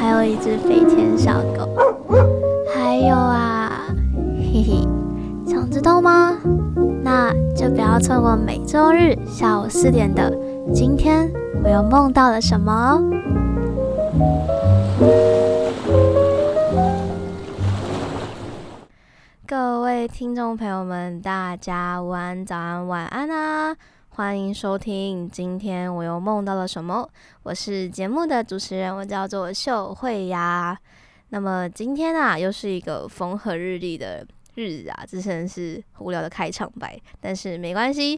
還有一隻飛天小狗，還有啊，嘿嘿，想知道嗎？那就不要錯過每周日下午四點的今天，我又夢到了什麼？各位聽眾朋友們，大家晚安、早安、晚安啊！歡迎收聽，今天我又夢到了什麼？我是節目的主持人，我叫做秀惠鴨。那麼今天啊，又是一個風和日麗的日子啊，之前是無聊的開場白，但是沒關係。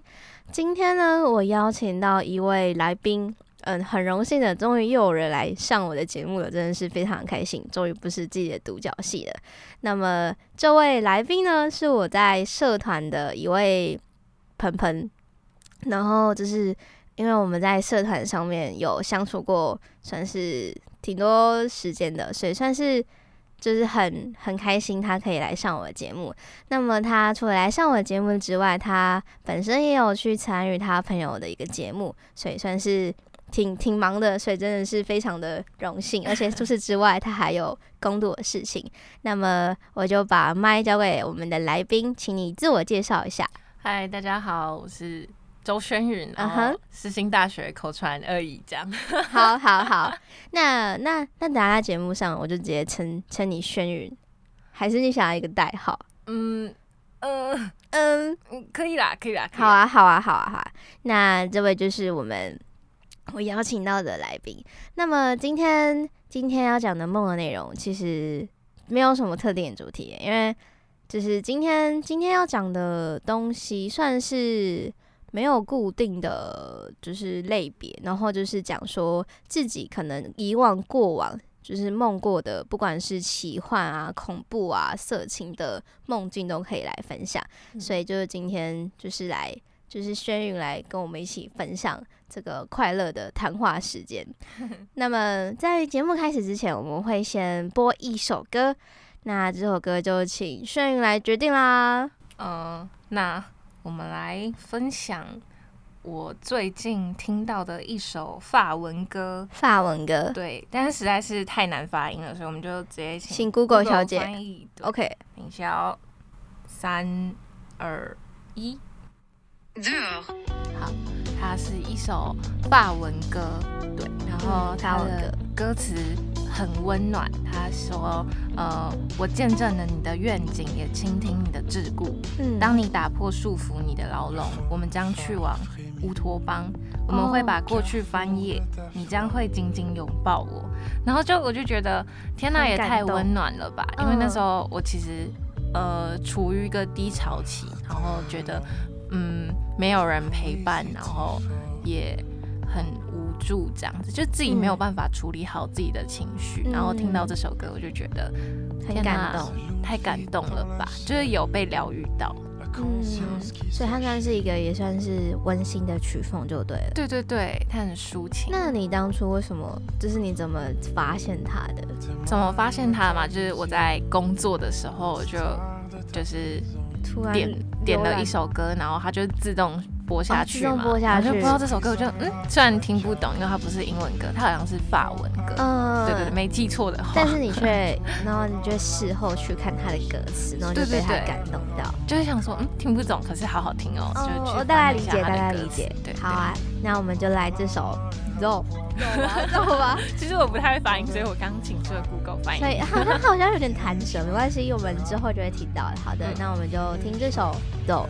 今天呢，我邀請到一位來賓，嗯、呃，很榮幸的，終於又有人來上我的節目了，真的是非常開心，終於不是自己的獨角戲了。那麼這位來賓呢，是我在社團的一位朋朋。然後就是因為我們在社團上面有相處過，算是挺多時間的，所以算是就是很很開心他可以來上我的節目。那麼他除了來上我的節目之外，他本身也有去參與他朋友的一個節目，所以算是挺挺忙的。所以真的是非常的榮幸。而且除此之外，他還有工作的事情。 那麼我就把麥交給我們的來賓，請你自我介紹一下。嗨，大家好，我是。周軒雲，然後世新大學口傳而已，這樣。Uh huh. 好好好，那那那，那等下在節目上我就直接稱稱你軒雲，還是你想要一個代號？嗯、呃、嗯嗯，可以啦，可以啦好、啊，好啊，好啊，好啊，好。啊。那這位就是我們我邀請到的來賓。那麼今天今天要講的夢的內容其實沒有什麼特定的主題，因為就是今天今天要講的東西算是。沒有固定的，就是類別，然後就是講說自己可能以往過往就是夢過的，不管是奇幻啊、恐怖啊、色情的夢境都可以來分享。嗯、所以就是今天就是來就是軒雲來跟我們一起分享這個快樂的談話時間。呵呵。那麼在節目開始之前，我們會先播一首歌，那這首歌就請軒雲來決定啦。嗯、呃，那。我們來分享我最近聽到的一首法文歌。法文歌，對，但是實在是太難發音了，所以我們就直接請 Google Go 小姐翻譯。對 OK，等一下哦，三、二、一。對好，它是一首法文歌，對，然後它的歌詞很溫暖。他說：“呃，我見證了你的願景，也傾聽你的桎梏。嗯、當你打破束縛你的牢籠，我們將去往烏托邦。我們會把過去翻頁，哦、你將會緊緊擁抱我。”然後就我就覺得，天哪，也太溫暖了吧！因為那時候我其實呃處於一個低潮期，然後覺得。嗯，沒有人陪伴，然後也很無助，這樣子就自己沒有辦法處理好自己的情緒。嗯、然後聽到這首歌，我就覺得、嗯、天哪、很感動，太感動了吧，就是有被療癒到。嗯，嗯，所以它算是一個也算是溫馨的曲風就對了。對對對，他很抒情。那你當初為什麼就是你怎麼發現他的？怎麼發現他嘛？就是我在工作的時候就就是。突然點點了一首歌，然後它就自動播下去嘛，我、哦、就播到這首歌，我就嗯，雖然聽不懂，因為它不是英文歌，它好像是法文歌，嗯，對,對對，沒記錯的話。但是你卻，然後你就事後去看它的歌詞，然後就被它感動到。對對對就是想說，嗯，聽不懂，可是好好聽哦。嗯、哦哦，我大概理解，大概理解，對，好啊，那我們就來這首。走，走吧。其實我不太會發音， 所以我剛請出了 Google 發音。對，好像好像有點彈舌，沒關係，因為我們之後就會提到。好的，嗯、那我們就聽這首走。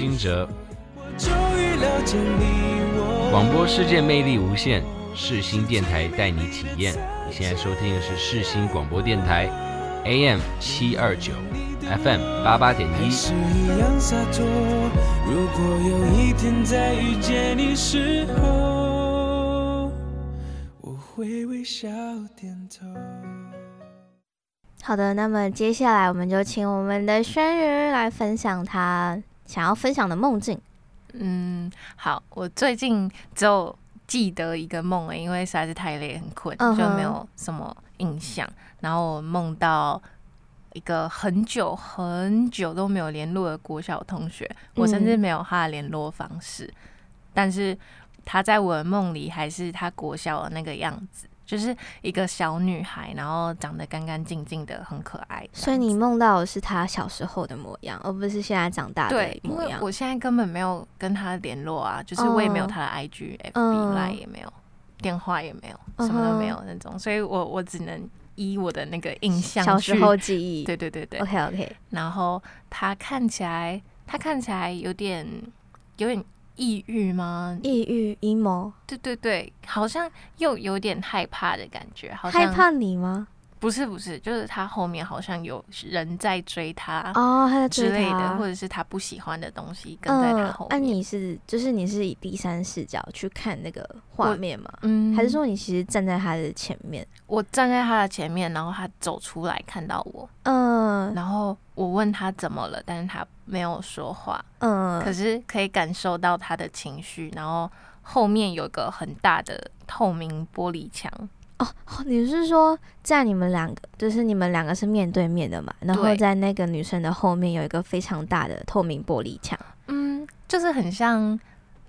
驚蟄廣播世界魅力無限，世新電台帶你體驗。你現在收聽的是世新廣播電台，AM 七二九，FM 八八點一。好的，那麼接下來我們就請我們的軒雲來分享他想要分享的夢境，嗯，好，我最近就記得一個夢、欸、因為實在是太累很困，Uh-huh. 就沒有什麼印象。然後我夢到一個很久很久都沒有聯絡的國小同學，我甚至沒有他的聯絡方式，嗯、但是他在我的夢裡還是他國小的那個樣子。就是一個小女孩，然後長得乾乾淨淨的，很可愛。所以你夢到的是她小時候的模樣，而不是現在長大的模樣？對，因為我現在根本沒有跟她聯絡啊，就是我也沒有她的 IG、FB、Line 也沒有，uh, 電話也沒有，什麼都沒有那種。Uh huh. 所以我，我我只能依我的那個印象去小時候記憶。對對對對。OK OK。然後她看起來，她看起來有點有點，抑鬱嗎？抑鬱陰謀？對對對，好像又有點害怕的感覺，好像害怕你嗎？不是不是，就是他後面好像有人在追他哦，之類的，oh, 他在追他，或者是他不喜歡的東西跟在他後面。那、嗯啊、你是就是你是以第三視角去看那個畫面嗎？嗯，還是說你其實站在他的前面？我站在他的前面，然後他走出來看到我，嗯，然後我問他怎麼了，但是他沒有說話，嗯，可是可以感受到他的情緒。然後後面有一個很大的透明玻璃牆。哦，你是說在你們兩個，就是你們兩個是面對面的嘛？對然後在那個女生的後面有一個非常大的透明玻璃牆，嗯，就是很像。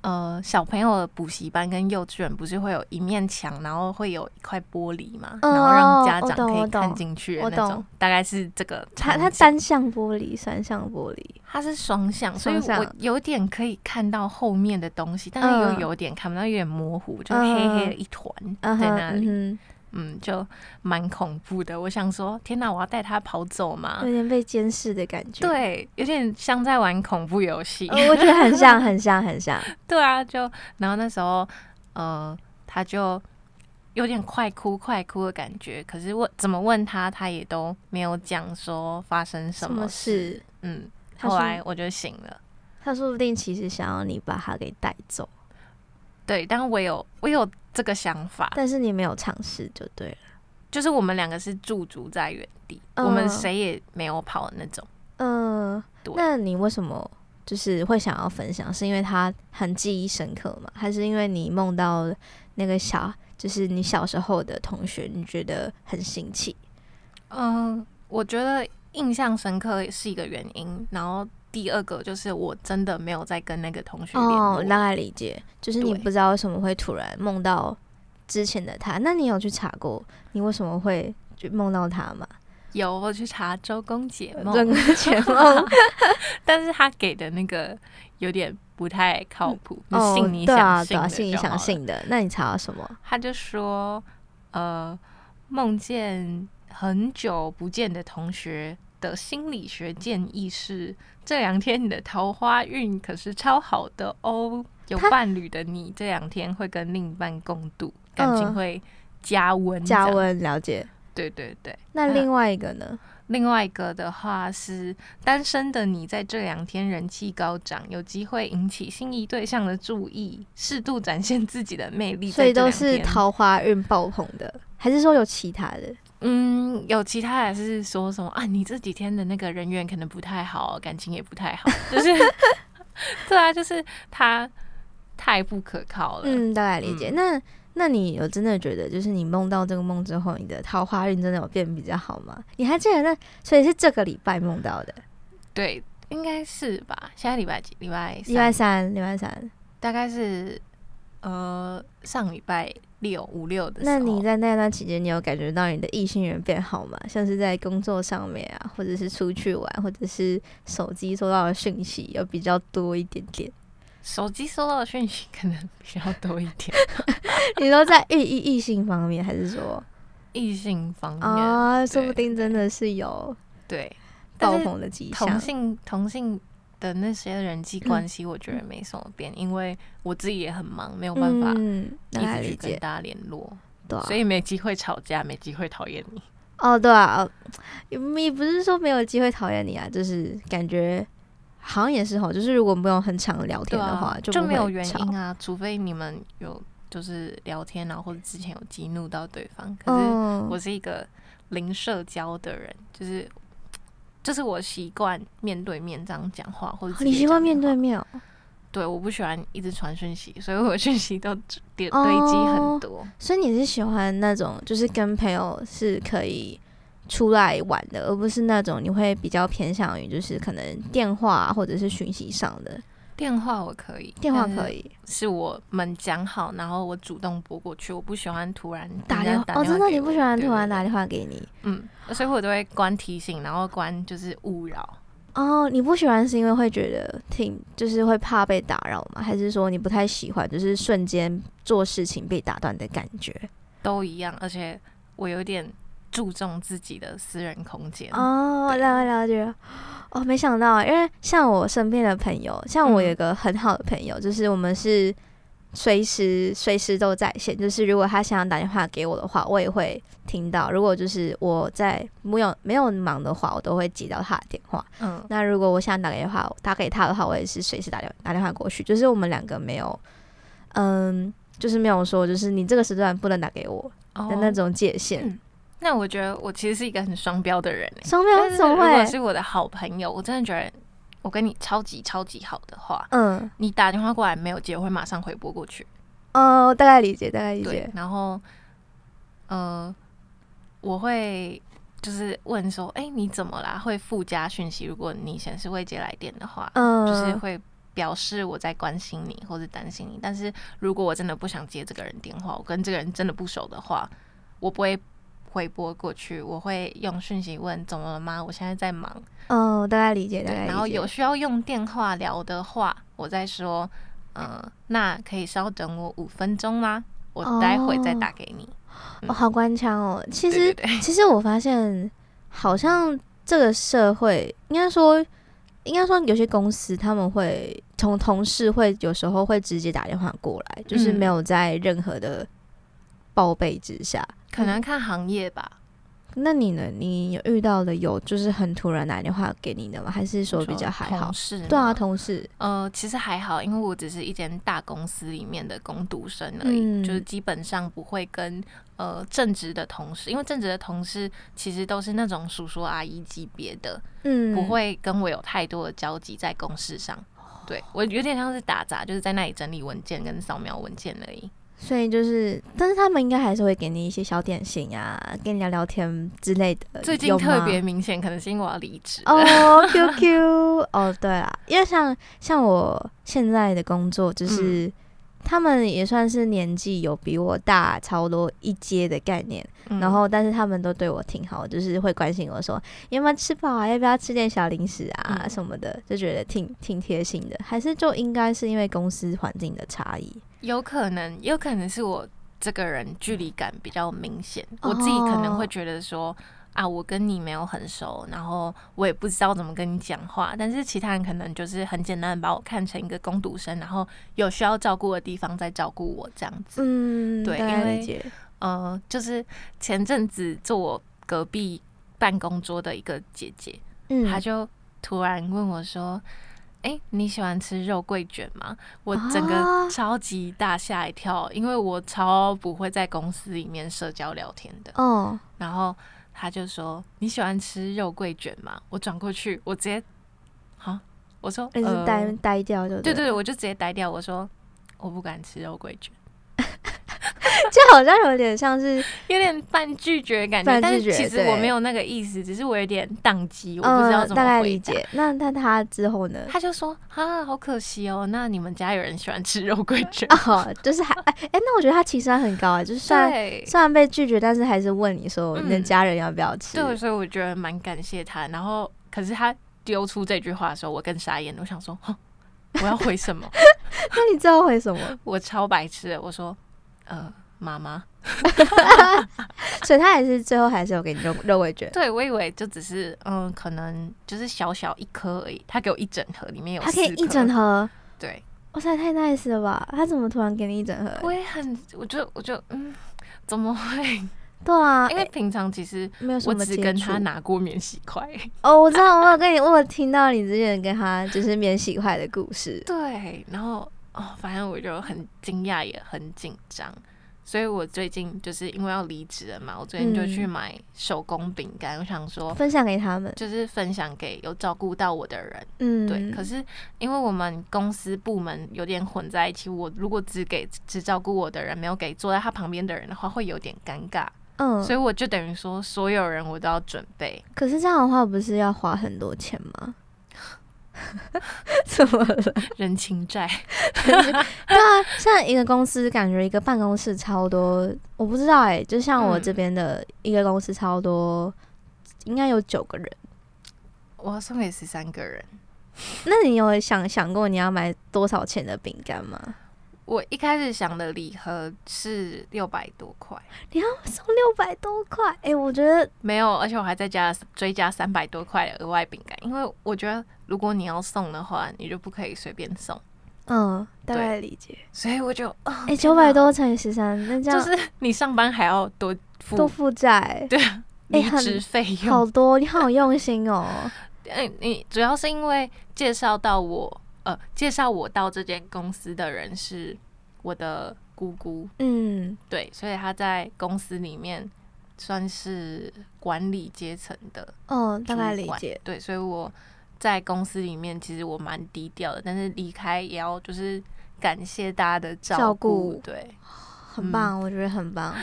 呃，小朋友的補習班跟幼稚園不是會有一面牆，然後會有一塊玻璃嘛，嗯、然後讓家長可以看進去，那種、嗯、大概是這個。它它單向玻璃，雙向玻璃，它是雙向，雙向，所以我有點可以看到後面的東西，但是又有點看不到，有點模糊，嗯、就黑黑的一團在那裡。嗯嗯嗯嗯嗯嗯，就蠻恐怖的。我想說，天哪，啊，我要帶他跑走嗎？有點被監視的感覺，對，有點像在玩恐怖遊戲，哦。我覺得很像，很像，很像。 對啊，就然後那時候，呃，他就有點快哭快哭的感覺。可是我怎麼問他，他也都沒有講說發生什麼事。麼事嗯，後來我就醒了他。他說不定其實想要你把他給帶走。對，但我有，我有。這個想法，但是你沒有嘗試就對了，就是我們兩個是駐足在原地，呃、我們誰也沒有跑的那種。嗯、呃，對那你為什麼就是會想要分享？是因為他很記憶深刻嗎？還是因為你夢到那個小，就是你小時候的同學，你覺得很新奇？嗯、呃，我覺得印象深刻是一個原因，然後。第二個就是我真的沒有在跟那個同學聯絡哦，我大概理解，對就是你不知道為什麼會突然夢到之前的他。那你有去查過你為什麼會就夢到他嗎？有，我去查周公解夢，解夢 但是他給的那個有點不太靠譜。嗯、信你想信的。哦，對啊，信你想信的。那你查到什麼？他就說，呃，夢見很久不見的同學。的心理學建議是：這兩天你的桃花運可是超好的哦！有伴侶的你這兩天會跟另一半共度，他感情會加溫。加溫。了解，對對對。那另外一個呢？嗯，另外一個的話是，單身的你在這兩天人氣高漲，有機會引起心儀對象的注意，適度展現自己的魅力。所以都是桃花運爆棚的，還是說有其他的？嗯，有其他還是說什麼啊？你這幾天的那個人緣可能不太好，感情也不太好，就是 對啊，就是他太不可靠了。嗯，大概理解。嗯、那那你有真的覺得，就是你夢到這個夢之後，你的桃花運真的有變比較好嗎？你還記得那？所以是這個禮拜夢到的，對，應該是吧？現在禮拜幾？禮拜禮拜三，禮拜三，拜三大概是。呃，上禮拜六、五六的時候，那你在那段期間，你有感覺到你的異性緣變好嗎？像是在工作上面啊，或者是出去玩，或者是手機收到的訊息有比較多一點點？手機收到的訊息可能比較多一點。 你都在異異性，性方面，還是說異性方面？對說不定真的是有爆棚的對爆棚的跡象，同性同性。的那些人際關係，我覺得沒什麼變，嗯、因為我自己也很忙，沒有辦法一直去跟大家聯絡，嗯、所以沒機會吵架，啊、沒機會討厭你。哦，對啊，也不是說沒有機會討厭你啊，就是感覺好像也是吼，就是如果沒有很常聊天的話就、啊，就沒有原因啊，除非你們有就是聊天、啊，然後或者之前有激怒到對方。可是我是一個零社交的人，就是。就是我習慣面對面這樣講話，或者你習慣面對面哦、喔？對，我不喜歡一直傳訊息，所以我訊息都堆積很多。Oh, 所以你是喜歡那種，就是跟朋友是可以出來玩的，而不是那種你會比較偏向於，就是可能電話或者是訊息上的。電話我可以，電話可以，是，是我們講好，然後我主動撥過去。我不喜歡突然打電話給你，打電話，哦，真的？你不喜歡突然打電話給你，嗯，所以我都會關提醒，然後關就是勿擾。哦，你不喜歡是因為會覺得挺，就是會怕被打擾嗎？還是說你不太喜歡，就是瞬間做事情被打斷的感覺？都一樣，而且我有點。注重自己的私人空間哦，oh, 對了解了解哦。Oh, 沒想到，啊，因為像我身邊的朋友，像我有個很好的朋友，嗯、就是我們是隨時隨時都在線。就是如果他想要打電話給我的話，我也會聽到。如果就是我在沒有沒有忙的話，我都會接到他的電話。嗯，那如果我想打電話打給他的話，我也是隨時打電話打電話過去。就是我們兩個沒有，嗯，就是沒有說，就是你這個時段不能打給我的，oh, 那，那種界限。嗯那我覺得我其實是一個很雙標的人、欸，雙標是怎麼會？是,是我的好朋友，我真的覺得我跟你超級超級好的話，嗯，你打電話過來沒有接，我會馬上回撥過去。嗯、哦，大概理解，大概理解。然後，嗯、呃，我會就是問說，哎、欸，你怎麼啦？會附加訊息，如果你顯示未接來電的話，嗯，就是會表示我在關心你或者擔心你。但是如果我真的不想接這個人電話，我跟這個人真的不熟的話，我不會。回撥過去，我會用訊息問怎麼了嗎？我現在在忙。哦，大概理解的。然後有需要用電話聊的話，我再說。嗯、呃，那可以稍等我五分鐘嗎？我待會再打給你。哦嗯哦、好官腔哦。其實，對對對，其實我發現，好像這個社會，應該說，應該說有些公司他們會從同事會有時候會直接打電話過來，嗯、就是沒有在任何的報備之下。可能看行業吧、嗯，那你呢？你遇到的有就是很突然打電話給你的嗎？還是說比較還好？同事對啊，同事呃，其實還好，因為我只是一間大公司裡面的工讀生而已，嗯、就是基本上不會跟呃正職的同事，因為正職的同事其實都是那種叔叔阿姨級別的，嗯，不會跟我有太多的交集在公事上。對，我有點像是打雜，就是在那裡整理文件跟掃描文件而已。所以就是，但是他們應該還是會給你一些小點心呀，啊，跟你聊聊天之類的。最近特別明顯，嗎可能是因為我要離職哦。Q Q 哦， oh, 對啊，因為像像我現在的工作就是。嗯他們也算是年紀有比我大超多一階的概念，嗯、然後但是他們都對我挺好，就是會關心我說有沒有吃飽啊，要不要吃點小零食啊、嗯、什麼的，就覺得挺挺貼心的。還是就應該是因為公司環境的差異，有可能有可能是我這個人距離感比較明顯，我自己可能會覺得說。哦啊，我跟你沒有很熟，然後我也不知道怎麼跟你講話，但是其他人可能就是很簡單把我看成一個工讀生，然後有需要照顧的地方再照顧我這樣子。嗯，對，對，因為姐呃、就是前陣子坐我隔壁辦公桌的一個姐姐，嗯、她就突然問我說：“哎、欸，你喜歡吃肉桂卷嗎？”我整個超級大嚇一跳，哦、因為我超不會在公司裡面社交聊天的。嗯、哦，然後。他就說，你喜歡吃肉桂捲嗎？我轉過去，我直接好，我說你、呃、是呆呆掉就對，對對對，我就直接呆掉。我說我不敢吃肉桂捲。 就好像有點像是有點半拒絕的感覺，但其實我沒有那個意思，對只是我有點宕機，嗯、我不知道怎麼回。大概理解那，但他之後呢？他就說：“啊，好可惜哦，那你們家有人喜歡吃肉桂卷對 哦，就是還哎哎、欸，那我覺得他情商很高啊，就算、是、雖，對雖然被拒絕，但是還是問你說，你的家人要不要吃？嗯、對，所以我覺得蠻感謝他。然後，可是他丟出這句話的時候，我更傻眼，我想說：“我要回什麼？” 那你知道回什麼？ 我超白痴的，我說。嗯，媽媽、呃，媽媽 所以他還是最後還是有給你肉肉味卷。對，我以為就只是嗯，可能就是小小一顆而已。他給我一整盒，裡面有四顆，他可以一整盒。對，哇塞，太 nice 了吧！他怎麼突然給你一整盒？我也很，我就我就嗯，怎麼會？對啊，因為平常其實、欸、我只是跟他拿過免洗筷、欸。洗哦，我知道，我有跟你我，我有 聽到你之前跟他就是免洗筷的故事。對，然後。哦，反正我就很驚訝，也很緊張，所以，我最近就是因為要離職了嘛，我最近就去買手工餅乾，嗯，我想說分享給他們，就是分享給有照顧到我的人，嗯，對。可是因為我們公司部門有點混在一起，我如果只給只照顧我的人，沒有給坐在他旁邊的人的話，會有點尷尬，嗯，所以我就等於說所有人我都要準備。可是這樣的話，不是要花很多錢嗎？什 麼了人情債， 對啊，像一個公司，感覺一個辦公室超多，我不知道哎、欸，就像我這邊的一個公司超多，嗯、應該有九個人，我要送給十三個人。那你有想想過你要買多少錢的餅乾嗎？我一開始想的禮盒是六百多塊，你要送六百多塊？哎、欸，我覺得沒有，而且我還在加追加三百多塊的額外餅乾，因為我覺得如果你要送的話，你就不可以隨便送。嗯、呃，對大概理解。所以我就，哎、哦，九百哪、欸、多乘以十三，那這樣就是你上班還要多付多負債？對，離、欸、很費用好多，你好用心哦。誒、欸，你主要是因為介紹到我。呃，介紹我到這間公司的人是我的姑姑，嗯，對，所以她在公司裡面算是管理階層的，嗯，大概理解，對，所以我在公司裡面其實我蠻低調的，但是離開也要就是感謝大家的照顧，照顧，對，很棒，嗯，我覺得很棒，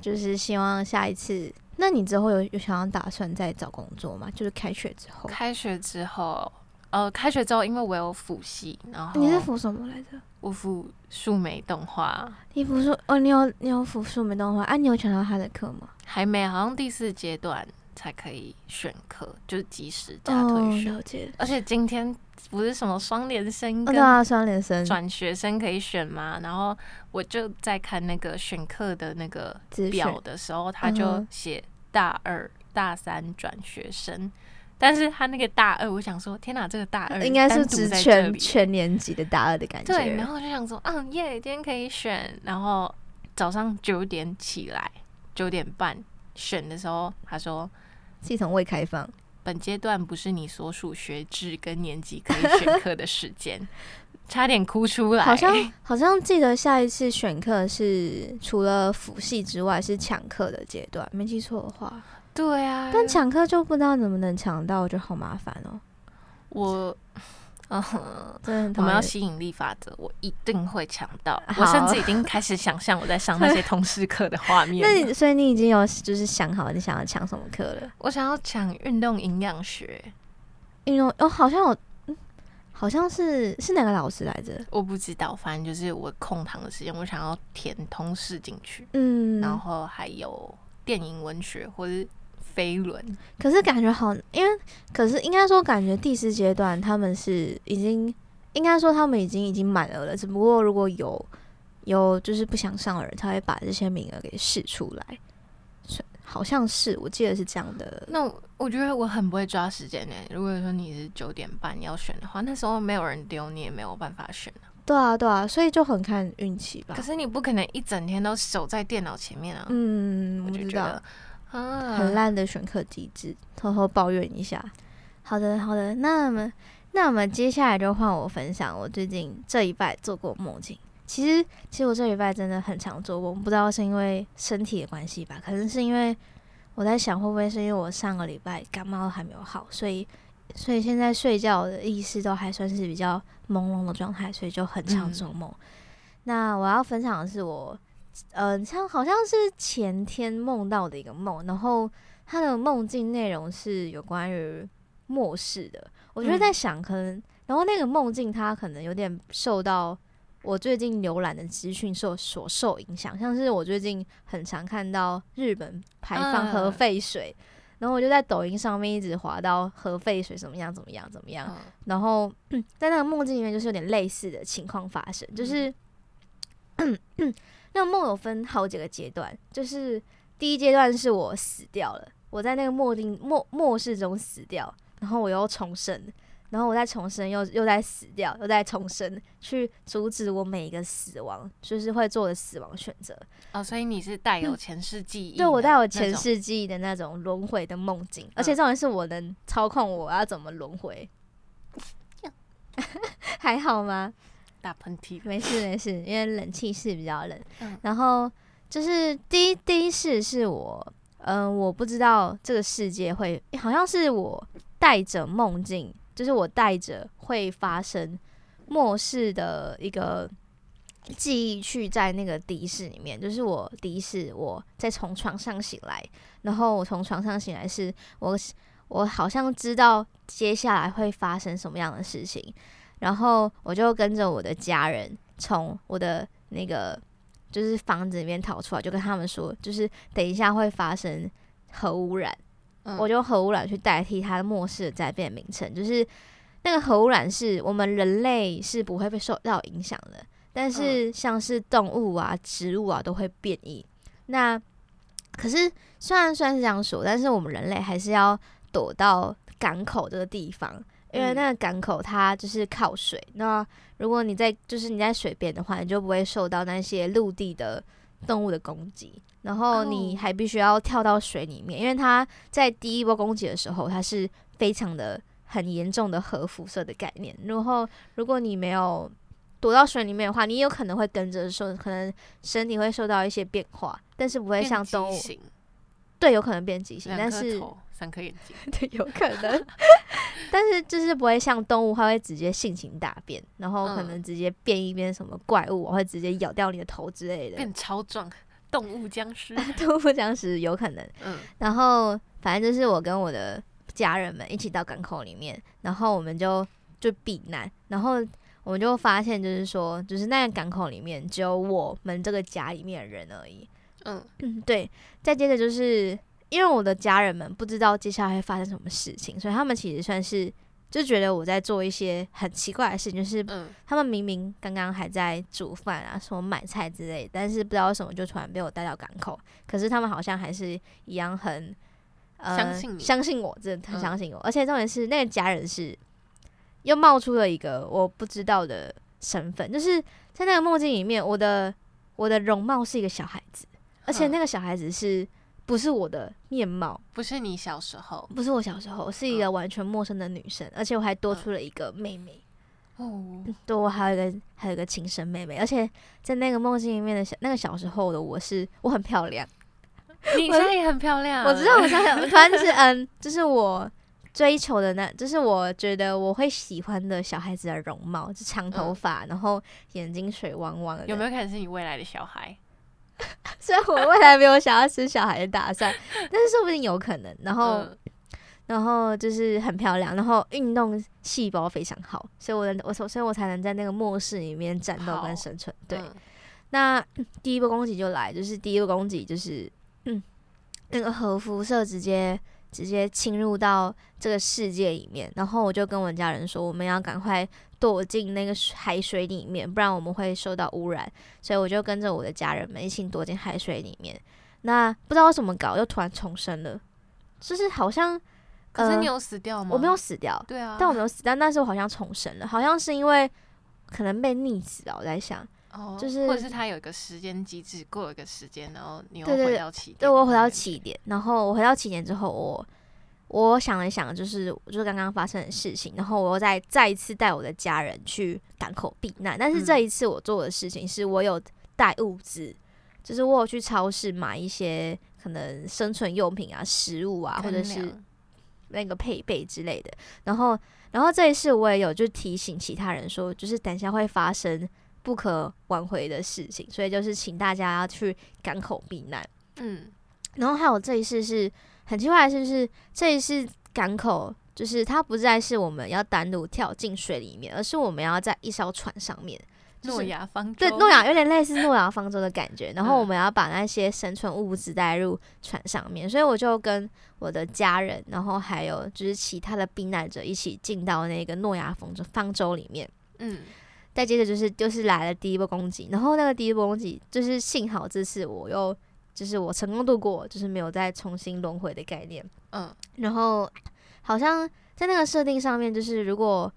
就是希望下一次，那你之後有有想要打算再找工作嗎？就是開學之後，開學之後。呃，開學之後，因為我有輔系，然後你是輔什麼來着？我輔數媒動畫。你輔數？哦，你有你有輔數媒動畫？哎，你有選、啊、到他的課嗎？還沒，好像第四階段才可以選課，就是即時加退選。哦、而且今天不是什麼雙聯生，對啊，雙聯生轉學生可以選嗎？哦啊、然後我就在看那個選課的那個表的時候，嗯、他就寫大二、大三轉學生。但是他那個大二，我想說，天哪、啊，這個大二應該是指全全年級的大二的感覺。對，然後我就想說，嗯，耶，yeah，今天可以選。然後早上九點起來，九點半選的時候，他說系統未開放，本階段不是你所屬學制跟年級可以選課的時間， 差點哭出來。好像好像記得下一次選課是除了輔系之外是搶課的階段，沒記錯的話。對啊，但搶課就不知道能不能搶到，我覺得好麻煩哦、喔。我，嗯，對，我們要吸引力法則，我一定會搶到。好我甚至已經開始想象我在上那些通識課的畫面了。 那所以你已經有就是想好你想要搶什麼課了？我想要搶運動營養學。運動哦，好像有，好像是是哪個老師來着？我不知道，反正就是我空堂的時間，我想要填通識進去。嗯，然後還有電影文學或者。飛輪，嗯、可是感覺好，因為可是應該說，感覺第四階段他們是已經應該說他們已經已經滿額了，只不過如果有有就是不想上的人，才會把這些名額給釋出來，好像是我記得是這樣的。那我，我覺得我很不會抓時間呢。如果說你是九點半要選的話，那時候沒有人丟，你也沒有辦法選。對啊，對啊，所以就很看運氣吧。可是你不可能一整天都守在電腦前面啊。嗯，我，我就覺得。很爛的選課機制，偷偷抱怨一下。好的，好的，那麼，那我們接下來就換我分享我最近這一拜做過夢境。其實，其實我這一拜真的很常做夢，不知道是因為身體的關係吧，可能是因為我在想會不會是因為我上個禮拜感冒還沒有好，所以，所以現在睡覺的意識都還算是比較朦朧的狀態，所以就很常做夢。嗯，那我要分享的是我。嗯、呃，像好像是前天夢到的一個夢，然後他的夢境內容是有關於末世的。我就在想，可能，嗯、然後那個夢境他可能有點受到我最近瀏覽的資訊受所受影響，像是我最近很常看到日本排放核廢水，嗯、然後我就在抖音上面一直滑到核廢水怎麼樣怎麼樣怎麼樣，嗯、然後在那個夢境裡面就是有點類似的情況發生，就是。嗯 那個夢有分好幾個階段，就是第一階段是我死掉了，我在那個末定末末世中死掉，然後我又重生，然後我再重生又，又又再死掉，又再重生，去阻止我每一個死亡，就是會做的死亡選擇。哦，所以你是帶有前世記憶、嗯？對，我帶有前世記憶的那種輪迴的夢境，嗯、而且重要的是我能操控我要怎麼輪迴。 還好嗎？打噴嚏，沒事沒事，因為冷氣室比較冷。嗯、然後就是第一第一室是我，嗯、呃，我不知道這個世界會，好像是我帶着夢境，就是我帶着會發生末世的一個記憶去在那個的士裡面，就是我的士我在從床上醒來，然後我從床上醒來是，我我好像知道接下來會發生什麼樣的事情。然後我就跟着我的家人從我的那個就是房子裡面逃出來，就跟他們說，就是等一下會發生核污染、嗯，我就用核污染去代替它的末世災變名稱。就是那個核污染是我們人類是不會被受到影響的，但是像是動物啊、植物啊都會變異、嗯。那可是雖然雖然是這樣說，但是我們人類還是要躲到港口這個地方。因為那個港口它就是靠水，那如果你在就是你在水邊的話，你就不會受到那些陸地的動物的攻擊。然後你還必須要跳到水裡面，Oh. 因為它在第一波攻擊的時候，它是非常的很嚴重的核輻射的概念。然後如果你沒有躲到水裡面的話，你有可能會跟着受，可能身體會受到一些變化，但是不會像動物，對，有可能變畸形，但是。三顆眼睛， 對，有可能， 但是就是不會像動物，它會直接性情大變，然後可能直接變一邊什麼怪物，嗯、會直接咬掉你的頭之類的，變超壯，動物僵屍， 動物僵屍有可能，嗯，然後反正就是我跟我的家人們一起到港口裡面，然後我們就就避難，然後我們就發現就是說，就是那個港口裡面只有我們這個家裡面的人而已，嗯嗯，對，再接着就是。因為我的家人們不知道接下來會發生什麼事情，所以他們其實算是就覺得我在做一些很奇怪的事情，就是他們明明剛剛還在煮飯啊，什麼買菜之類，但是不知道為什麼就突然被我帶到港口。可是他們好像還是一樣很呃相信相信我，真的很相信我。嗯、而且重點是，那個家人是又冒出了一個我不知道的身份，就是在那個夢境裡面，我的我的容貌是一個小孩子，而且那個小孩子是。不是我的面貌，不是你小時候，不是我小時候，是一個完全陌生的女生，嗯、而且我還多出了一個妹妹，嗯、哦，對我還有一個還有一個親生妹妹，而且在那個夢境裡面的小那個小時候的我是我很漂亮，你以前也很漂亮我，我知道我，我知道，反正是嗯，就是我追求的那，就是我覺得我會喜歡的小孩子的容貌，就是長頭髮，嗯、然後眼睛水汪汪的，有沒有可能是你未來的小孩？雖然 我未來沒有想要生小孩的打算， 但是說不定有可能。然後，嗯、然後就是很漂亮，然後運動細胞非常好，所以我能，我所，所以我才能在那個末世裡面戰鬥跟生存。好對，嗯、那第一波攻擊就來，就是第一波攻擊就是，嗯，那個核輻射直接。直接侵入到這個世界裡面，然後我就跟我家人說，我們要趕快躲進那個海水裡面，不然我們會受到污染。所以我就跟着我的家人們一起躲進海水裡面。那不知道怎麼搞，又突然重生了，就是好像……呃，可是你有死掉嗎？我沒有死掉，對啊，但我沒有死，但但是我好像重生了，好像是因為可能被溺死了，我在想。哦、就是，或者是他有一個時間機制，過了一個時間，然後你又回到起點。對,對,對，我回到起點，然後我回到起點之後，我我想了想了、就是，就是就是剛剛發生的事情，然後我又再再一次帶我的家人去港口避難。但是這一次我做的事情是我有帶物資，嗯、就是我有去超市買一些可能生存用品啊、食物啊，或者是那個配備之類的。然後，然後這一次我也有就提醒其他人說，就是等一下會發生。不可挽回的事情，所以就是請大家要去港口避難。嗯，然後還有這一次是很奇怪的是，的是這一次港口就是它不再是我們要單獨跳進水裡面，而是我們要在一艘船上面。就是，諾亞方舟。對，諾亞有點類似諾亞方舟的感覺。 然後我們要把那些生存物資帶入船上面，所以我就跟我的家人，然後還有就是其他的避難者一起進到那個諾亞方舟方舟裡面。嗯。再接着就是，就是來了第一波攻擊，然後那個第一波攻擊，就是幸好這次我又，就是我成功度過，就是沒有再重新輪迴的概念。嗯。然後，好像在那個設定上面，就是如果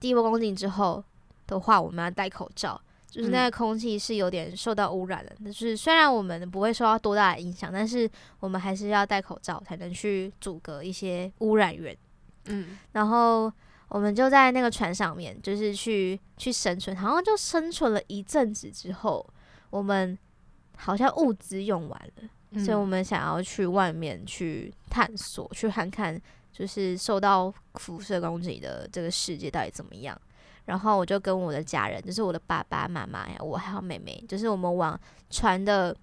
第一波攻擊之後的話，我們要戴口罩，就是那個空氣是有點受到污染了。嗯。就是雖然我們不會受到多大的影響，但是我們還是要戴口罩才能去阻隔一些污染源。嗯。然後。我們就在那個船上面，就是去去生存，好像就生存了一陣子之後，我們好像物資用完了，嗯，所以我們想要去外面去探索，去看看就是受到輻射攻擊的這個世界到底怎麼樣。然後我就跟我的家人，就是我的爸爸媽媽呀，我還有妹妹，就是我們往船的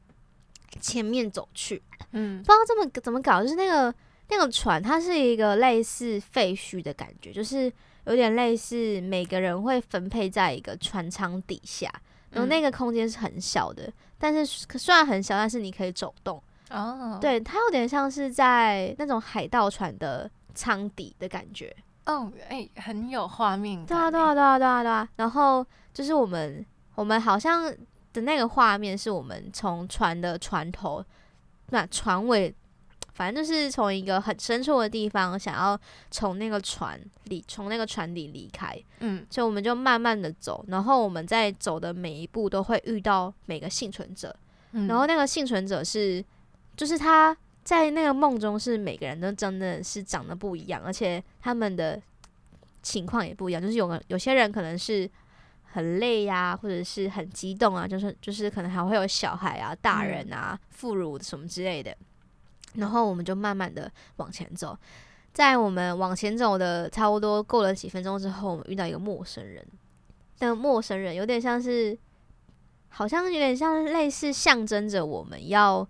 前面走去。嗯，不知道這麼怎麼搞，就是那個。那個船，它是一個類似廢墟的感覺，就是有點類似每個人會分配在一個船艙底下，然後那個空間是很小的，嗯、但是雖然很小，但是你可以走動。哦，對，它有點像是在那種海盜船的艙底的感覺。哦，哎、欸，很有畫面、欸、對啊，對啊，對啊，對啊，對啊。然後就是我們，我們好像的那個畫面，是我們從船的船頭，那、啊、船尾。反正就是從一個很深處的地方，想要從那個船裡從那個船底離開，嗯，所以我們就慢慢的走，然後我們在走的每一步都會遇到每個倖存者，嗯，然後那個倖存者是，就是他在那個夢中是每個人都真的是長得不一樣，而且他們的情況也不一樣，就是有個有些人可能是很累呀、啊，或者是很激動啊，就是就是可能還會有小孩啊、大人啊、婦孺，嗯，什麼之類的。然後我們就慢慢的往前走，在我們往前走的差不多過了幾分鐘之後，我們遇到一個陌生人。那、呃、陌生人有點像是，好像有點像類似象徵着我們要，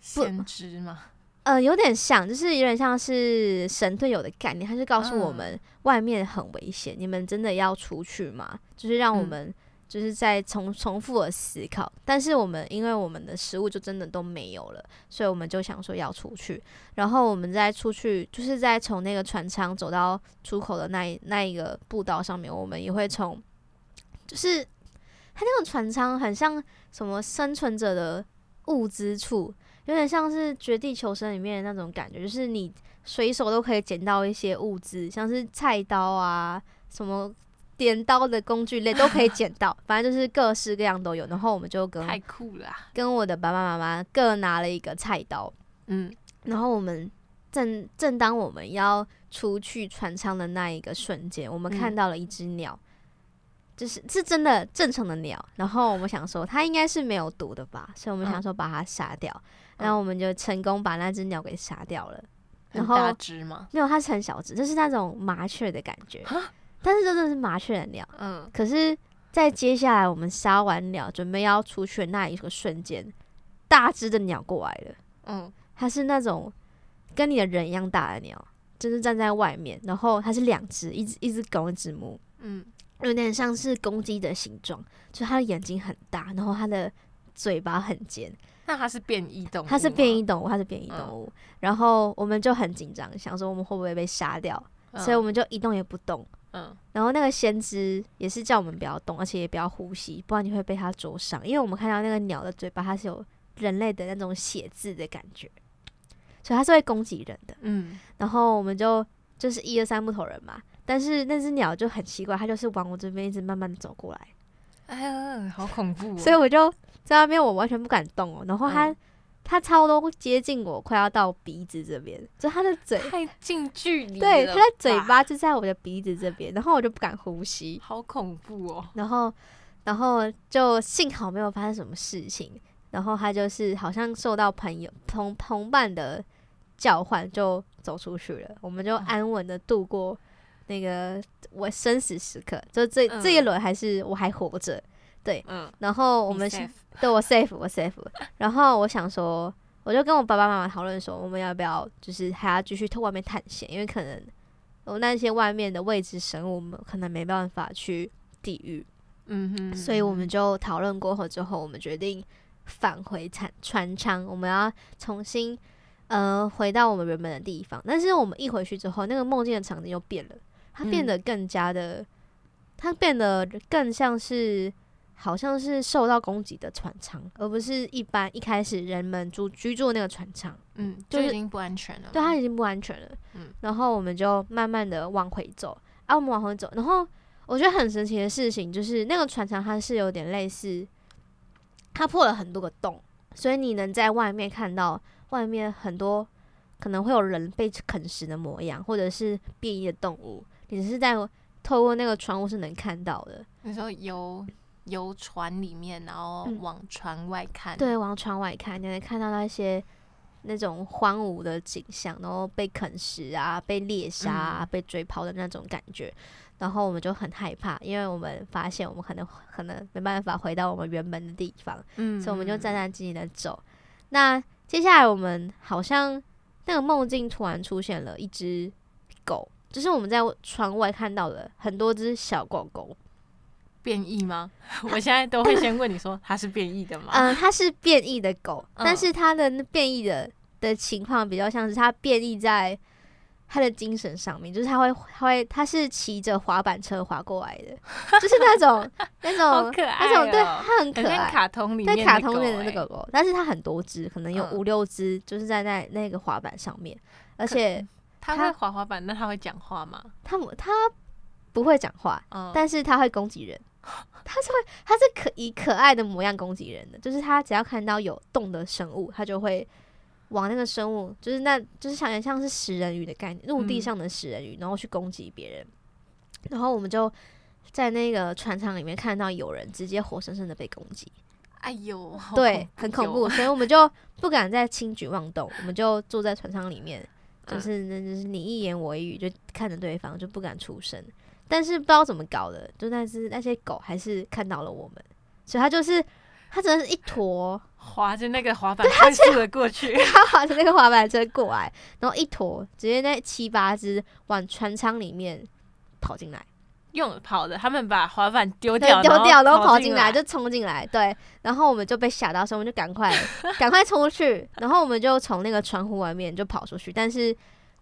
先知嗎？呃，有點像，就是有點像是神隊友的概念，他是告訴我們外面很危險，嗯、你們真的要出去嗎？就是讓我們。就是在重重複的思考，但是我們因為我們的食物就真的都沒有了，所以我們就想說要出去。然後我們再出去，就是在從那個船艙走到出口的那一那一個步道上面，我們也會從，就是它那個船艙很像什麼生存者的物資處，有點像是絕地求生裡面的那種感覺，就是你隨手都可以撿到一些物資，像是菜刀啊，什麼。剪刀的工具類都可以撿到， 反正就是各式各樣都有。然後我們就跟太酷了，啊，跟我的爸爸媽媽各拿了一個菜刀。嗯，然後我們正正當我們要出去船艙的那一個瞬間，我們看到了一隻鳥，嗯、就是是真的正常的鳥。然後我們想說，它應該是沒有毒的吧，所以我們想說把它殺掉。嗯、然後我們就成功把那隻鳥給殺掉了。嗯、然後很大隻嗎？沒有，它是很小隻，就是那種麻雀的感覺。但是這就是麻雀的鳥，嗯，可是，在接下來我們殺完鳥，準備要出去那一個瞬間，大隻的鳥過來了，嗯，它是那種跟你的人一樣大的鳥，就是站在外面，然後它是兩隻，一隻一隻公，一隻母，嗯，有點像是公雞的形狀，就它的眼睛很大，然後它的嘴巴很尖，那它是變異動物，物，它是變異動物，它是變異動物，嗯，然後我們就很緊張，想說我們會不會被殺掉，嗯，所以我們就一動也不動。嗯，然後那個先知也是叫我們不要動，而且也不要呼吸，不然你會被它啄傷。因為我們看到那個鳥的嘴巴，它是有人類的那種寫字的感覺，所以它是會攻擊人的。嗯，然後我們就就是一二三木頭人嘛，但是那只鳥就很奇怪，它就是往我這邊一直慢慢的走過來，哎呀，好恐怖哦！ 所以我就在那邊，我完全不敢動哦。然後它。嗯他差不多接近我，快要到鼻子這邊，就他的嘴太近距離，對，他的嘴巴就在我的鼻子這邊，然後我就不敢呼吸，好恐怖哦。然後，然後就幸好沒有發生什麼事情。然後他就是好像受到朋友同同伴的叫喚，就走出去了。我們就安穩的度過那個我生死時刻，就這、嗯、這一輪還是我還活着。對，嗯，然後我們都 be safe. 我 safe 我 safe， 然後我想說，我就跟我爸爸媽媽討論說，我們要不要就是還要繼續到外面探險？因為可能我那些外面的未知生物，我們可能沒辦法去抵禦。嗯哼，所以我們就討論過後之後，我們決定返回船船艙，我們要重新呃回到我們原本的地方。但是我們一回去之後，那個夢境的場景又變了，它變得更加的，嗯、它變得更像是。好像是受到攻擊的船艙，而不是一般一開始人們住居住的那個船艙。嗯，就是、就已經不安全了。對，它已經不安全了。嗯，然後我們就慢慢的往回走。啊，我們往回走。然後我覺得很神奇的事情就是，那個船艙它是有點類似，它破了很多個洞，所以你能在外面看到外面很多可能會有人被啃食的模樣，或者是變異的動物，你只是在透過那個窗戶是能看到的。有時候有。遊船裡面，然後往船外看。嗯，對，往船外看，你能看到那些那種荒蕪的景象，然後被啃食啊，被獵殺啊，嗯，被追跑的那種感覺。然後我們就很害怕，因為我們發現我們可能可能沒辦法回到我們原本的地方，嗯，所以我們就戰戰兢兢的走。嗯，那接下來我們好像那個夢境突然出現了一隻狗，就是我們在船外看到的很多隻小狗狗。變異嗎？我現在都會先問你說，它是變異的嗎？ 嗯，它是變異的狗，但是它的變異的、嗯、的情況比較像是它變異在它的精神上面，就是它會，它會，它是騎着滑板車滑過來的，就是那種，那種， 好可愛喔、那種，對，它很可愛，卡通，對，卡通裡面的狗狗、欸，但是它很多隻，可能有五六隻，就是在在那，、嗯、那個滑板上面，而且它，它會滑滑板，那它會講話嗎？它，它不會講話，嗯、但是它會攻擊人。他是會，他是可以可愛的模樣攻擊人的，就是他只要看到有動的生物，他就會往那個生物，就是那，就是像像是食人魚的概念，陸地上的食人魚，然後去攻擊別人。嗯、然後我們就在那個船艙裡面看到有人直接活生生的被攻擊，哎呦，好恐怖哦、對，很恐怖，所以我們就不敢再輕舉妄動， 我們就坐在船艙裡面，就是那就是你一言我一語，就看着對方，就不敢出聲。但是不知道怎麼搞的，就那隻那些狗還是看到了我們，所以他就是他真的是一坨滑着那個滑板車衝了過去，他是他滑着那個滑板車過來， 然後一坨直接那七八隻往船艙裡面跑進來，用跑的，他們把滑板丟掉，丟掉，然後跑進來，跑進來就衝進來，對，然後我們就被嚇到時候，所以我們就趕快趕 快衝出去，然後我們就從那個窗戶外面就跑出去，但是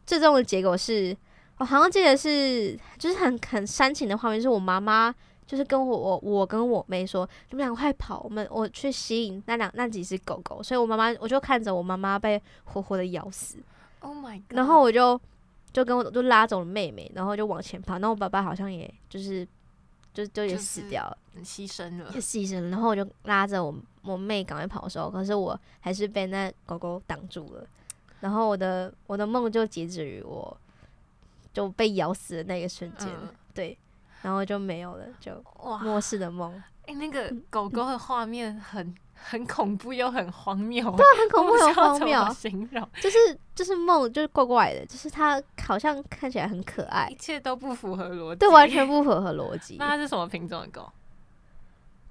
最終的結果是。我好像記得是，就是很很煽情的畫面，就是我媽媽就是跟我我，我跟我妹說，你們倆快跑，我們我去吸引那兩那幾隻狗狗，所以我媽媽我就看着我媽媽被活活的咬死，Oh my god！然後我就就跟我就，就拉走了妹妹，然後就往前跑。那我爸爸好像也就是就就也死掉了，犧牲了，犧牲了。然後我就拉着我我妹趕快跑的時候，可是我還是被那狗狗擋住了，然後我的我的夢就截止於我。就被咬死的那個瞬間，嗯、對，然後就沒有了，就了哇，末世的夢。哎，那個狗狗的畫面很、嗯、很恐怖又很荒謬，對、啊，很恐怖很荒謬、就是。就是就是夢就是怪怪的，就是它好像看起來很可愛，一切都不符合邏輯，對，完全不符合邏輯。那它是什麼品種的狗？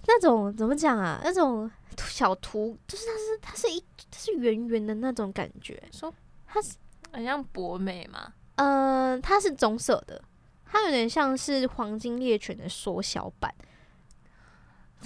那種怎麼講啊？那種小圖就是它是它是一它是圓圓的那種感覺，說它是很像博美嘛。嗯、呃，它是棕色的，它有點像是黃金獵犬的縮小版，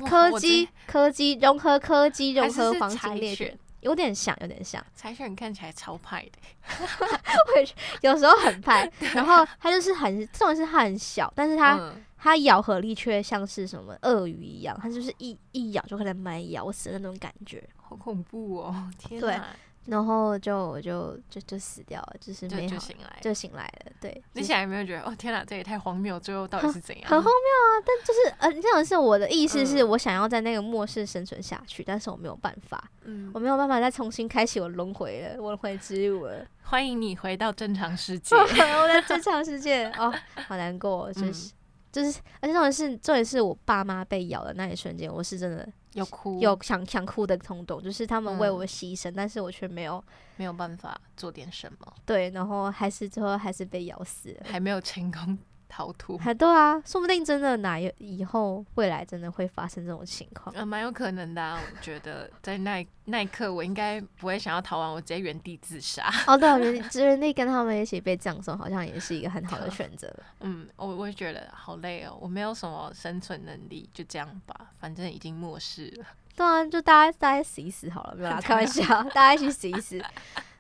柯哇基，柯這基融合柯基融合黃金獵犬，還是柴犬有點像，有點像。柴犬看起來超派的，我 有時候很派。然後它就是很，重點是它很小，但是它、嗯、它咬合力卻像是什麼鱷魚一樣，它就是一一咬就可能蠻咬死的那種感覺，好恐怖哦！天哪。然後就我就就就死掉了，就是沒有醒來了，就醒來了。對，你醒來沒有覺得哦？天哪、啊，這也太荒謬！最後到底是怎樣？很荒謬啊！但就是呃，這樣是我的意思，是我想要在那個末世生存下去，嗯、但是我沒有辦法，嗯，我沒有辦法再重新開啟我輪迴了，我輪迴之路了。歡迎你回到正常世界， 我在正常世界 哦，好難過、哦，真是，就是。嗯就是，而且重點是，重點是我爸媽被咬的那一瞬間，我是真的有哭，有想想哭的衝動。就是他們為我犧牲，嗯、但是我卻沒有沒有辦法做點什麼。對，然後還是最後還是被咬死了，還沒有成功。逃脫？還對啊，說不定真的哪有以後未來真的會發生這種情況。蠻、嗯、有可能的、啊。我覺得在那一那一刻，我應該不會想要逃亡，我直接原地自殺。 哦，對、啊，原地跟他們一起被葬送，好像也是一個很好的選擇。嗯，我我覺得好累哦，我沒有什麼生存能力，就這樣吧，反正已經末世了。對啊，就大家大家死一死好了，沒有啦，開玩笑， 大家一起死一死，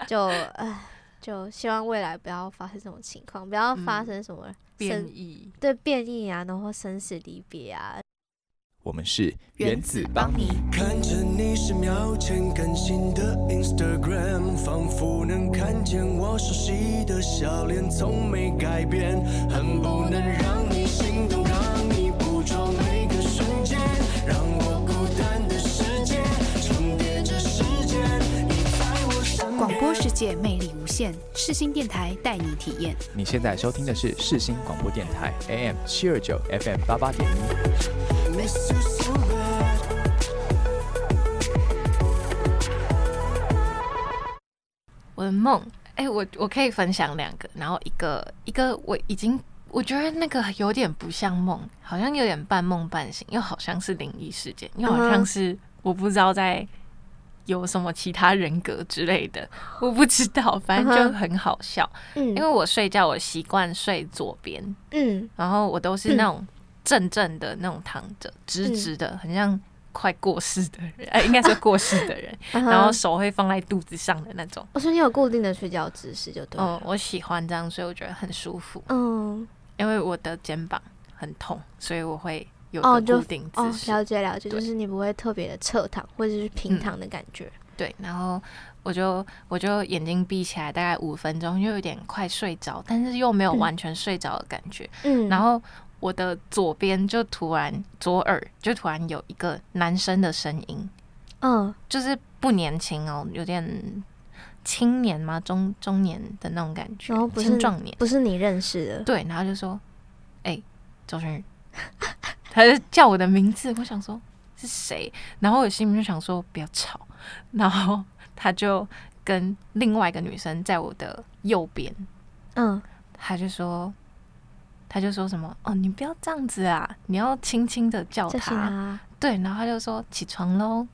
就唉。就希望未來不要發生這種情況，不要發生什麼生、嗯、變異，對變異啊，然後生死離別啊。我們是原子幫你。看界魅力無限，世新電台帶你體驗。你現在收聽的是世新廣播電臺，AM 七二九，FM 八八點一。我的夢，哎，我我可以分享兩個，然後一個一個我已經，我覺得那個有點不像夢，好像有點半夢半醒，又好像是靈異事件，又好像是我不知道在。有什麼其他人格之類的，我不知道，反正就很好笑。Uh huh. 因為我睡覺我習慣睡左邊，嗯、uh，huh. 然後我都是那種正正的那種躺着，uh huh. 直直的，很像快過世的人，哎、uh，huh. 應該是過世的人，uh huh. 然後手會放在肚子上的那種。我說、uh huh. oh, so、你有固定的睡覺姿勢就對了。oh, 我喜歡這樣，所以我覺得很舒服。嗯、uh，huh. 因為我的肩膀很痛，所以我會。有一個固定姿勢，哦，就哦，了解了解，對就是你不會特別的側躺或者是平躺的感覺。嗯、對，然後我就我就眼睛閉起來，大概五分鐘，又有點快睡着，但是又沒有完全睡着的感覺。嗯，然後我的左邊就突然、嗯、左耳就突然有一個男生的聲音，嗯，就是不年輕哦，有點青年嘛？中中年的那種感覺，然後不是青壯年，不是你認識的。對，然後就說，哎、欸，周群。 他就叫我的名字，我想說是誰？然後我心裡就想說不要吵，然後他就跟另外一個女生在我的右邊，嗯，他就說，他就說什麼哦，你不要這樣子啊，你要輕輕的叫她，對，然後他就說起床嘍。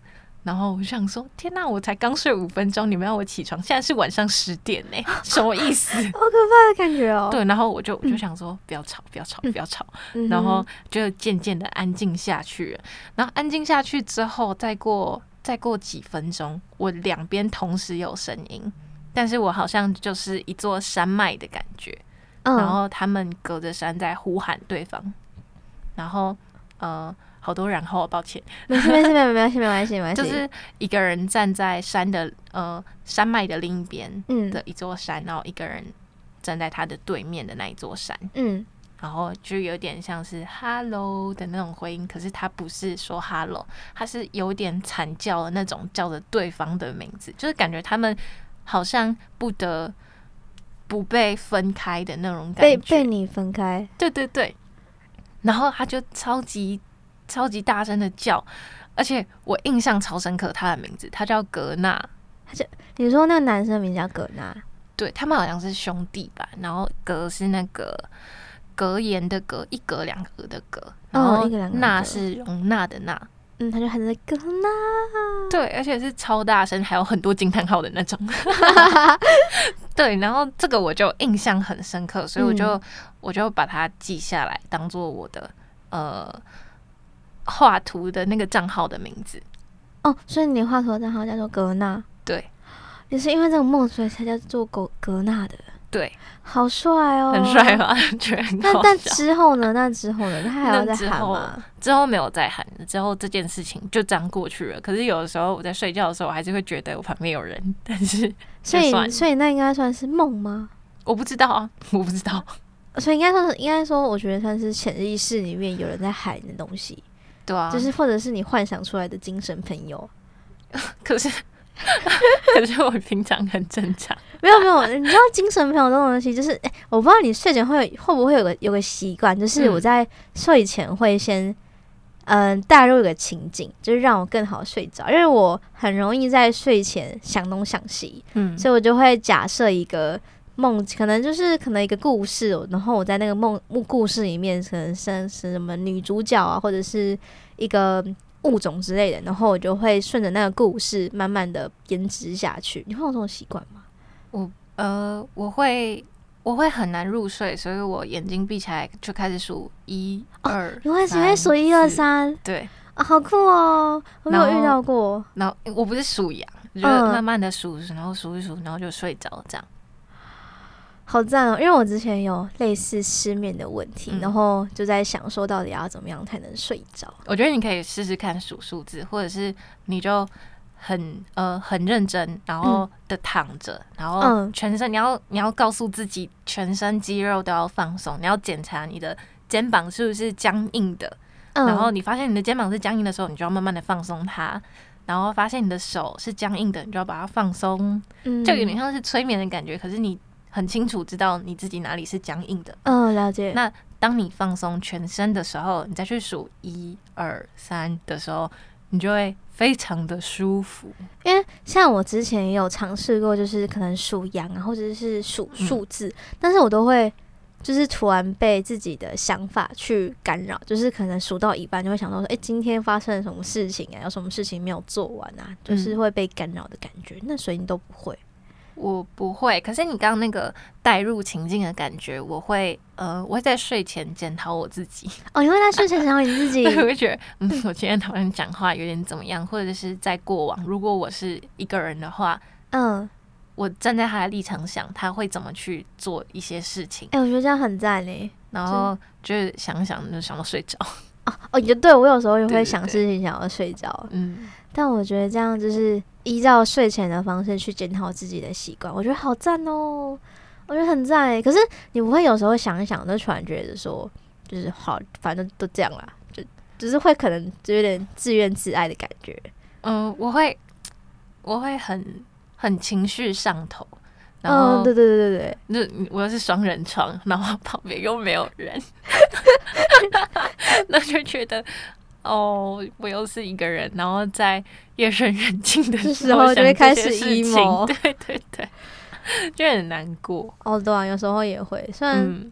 然後我就想說，天啊！我才剛睡五分鐘，你們要我起床？現在是晚上十點欸，什麼意思？ 好可怕的感覺哦。對，然後我就我就想說，不要吵，不要吵，不要吵。嗯。然後就漸漸的安靜下去了。然後安靜下去之後，再過再過幾分鐘，我兩邊同時有聲音，但是我好像就是一座山脈的感覺。然後他們隔着山在呼喊對方。嗯。然後，呃。好多，然後抱歉，沒事沒事，沒關係沒關係沒關係，就是一個人站在山的呃，山脈的另一邊，嗯，的一座山，嗯，然後一個人站在他的對面的那一座山，嗯，然後就有點像是 “hello” 的那種回音，可是他不是說 “hello”，他是有點慘叫的那種叫着對方的名字，就是感覺他們好像不得不被分開的那種感覺，被被你分開，對對對，然後他就超級。超級大聲的叫，而且我印象超深刻，他的名字他叫格納，他叫你說那個男生的名字叫格納，對，他們好像是兄弟吧，然後格是那個格言的格，一格兩格的格，然後那個納是容納的納，嗯、哦，他就喊着格納，對，而且是超大聲，還有很多驚嘆號的那種， 對，然後這個我就印象很深刻，所以我就、嗯、我就把它記下來，當做我的呃。畫圖的那個賬號的名字哦，所以你畫圖的賬號叫做格納，對，也是因為這個夢，所以才叫做狗格納的，對，好帥哦，很帥嗎？覺得那但之後呢？那之後呢？他還要再喊嗎？之後沒有再喊，之後這件事情就這樣過去了。可是有的時候我在睡覺的時候，我還是會覺得我旁邊有人，但是所以所以那應該算是夢嗎？我不知道，啊，我不知道，所以應該說是應該說，我覺得算是潛意識裡面有人在喊的東西。啊、就是，或者是你幻想出來的精神朋友， 可是可是我平常很正常， 沒有沒有，你知道精神朋友這種東西，就是、欸、我不知道你睡前會有會不會有個有個習慣，就是我在睡前會先嗯帶是、呃、入一個情景，就是讓我更好睡着，因為我很容易在睡前想東想西，嗯，所以我就會假設一個。夢可能就是可能一個故事、喔，然後我在那個夢故事裡面，可能生，是什麼女主角啊，或者是一個物種之類的，然後我就會順着那個故事慢慢的編織下去。你會有，有這種習慣嗎？我呃，我會我會很難入睡，所以我眼睛閉起來就開始數一、哦、二。你會喜歡數一二三？四對，啊、哦，好酷哦！我沒有然後遇到過。然後我不是數羊，就是慢慢的數、嗯，然後數一數，然後就睡着這樣。好讚哦、喔！因為我之前有類似失眠的問題，嗯、然後就在想說到底要怎麼樣才能睡着？我覺得你可以試試看數數字，或者是你就很呃很認真，然後的躺着，嗯、然後全身你要你要告訴自己，全身肌肉都要放鬆。你要檢查你的肩膀是不是僵硬的，然後你發現你的肩膀是僵硬的時候，你就要慢慢的放鬆它。然後發現你的手是僵硬的，你就要把它放鬆。嗯，就有點像是催眠的感覺。可是你。很清楚知道你自己哪裡是僵硬的，嗯、哦，了解。那當你放鬆全身的時候，你再去數一二三的時候，你就會非常的舒服。因為像我之前也有嘗試過，就是可能數羊啊，或者是數數字，嗯、但是我都會就是突然被自己的想法去干擾，就是可能數到一半就會想到說，哎、欸，今天發生了什麼事情啊？有什麼事情沒有做完啊？就是會被干擾的感覺。嗯、那所以你都不會。我不會，可是你剛剛那個帶入情境的感覺，我會呃，我會在睡前檢討我自己。哦，你會在睡前檢討你自己？ 你會覺得，嗯，嗯我今天早上講話有點怎麼樣？或者是在過往，如果我是一個人的話，嗯，我站在他的立場想，他會怎麼去做一些事情？哎、欸，我覺得這樣很讚呢，然後就是想想，就想到睡着就、哦。哦哦，也對，我有時候也會想事情，想要睡着。嗯。但我覺得這樣就是依照睡前的方式去檢討自己的習慣，我覺得好讚哦！我覺得很讚。可是你不會有時候想一想，就突然覺得說，就是好，反正都這樣啦，就只、就是會可能就有點自怨自艾的感覺。嗯，我會，我會很很情緒上頭。然後嗯，對對對對，那我又是雙人床，然後旁邊又沒有人，那 就覺得。哦，我又是一個人，然後在夜深人靜的時候想這些事情，這時候就會開始 emo，對對對，就很難過。哦，對啊，有時候也會算，雖然，嗯，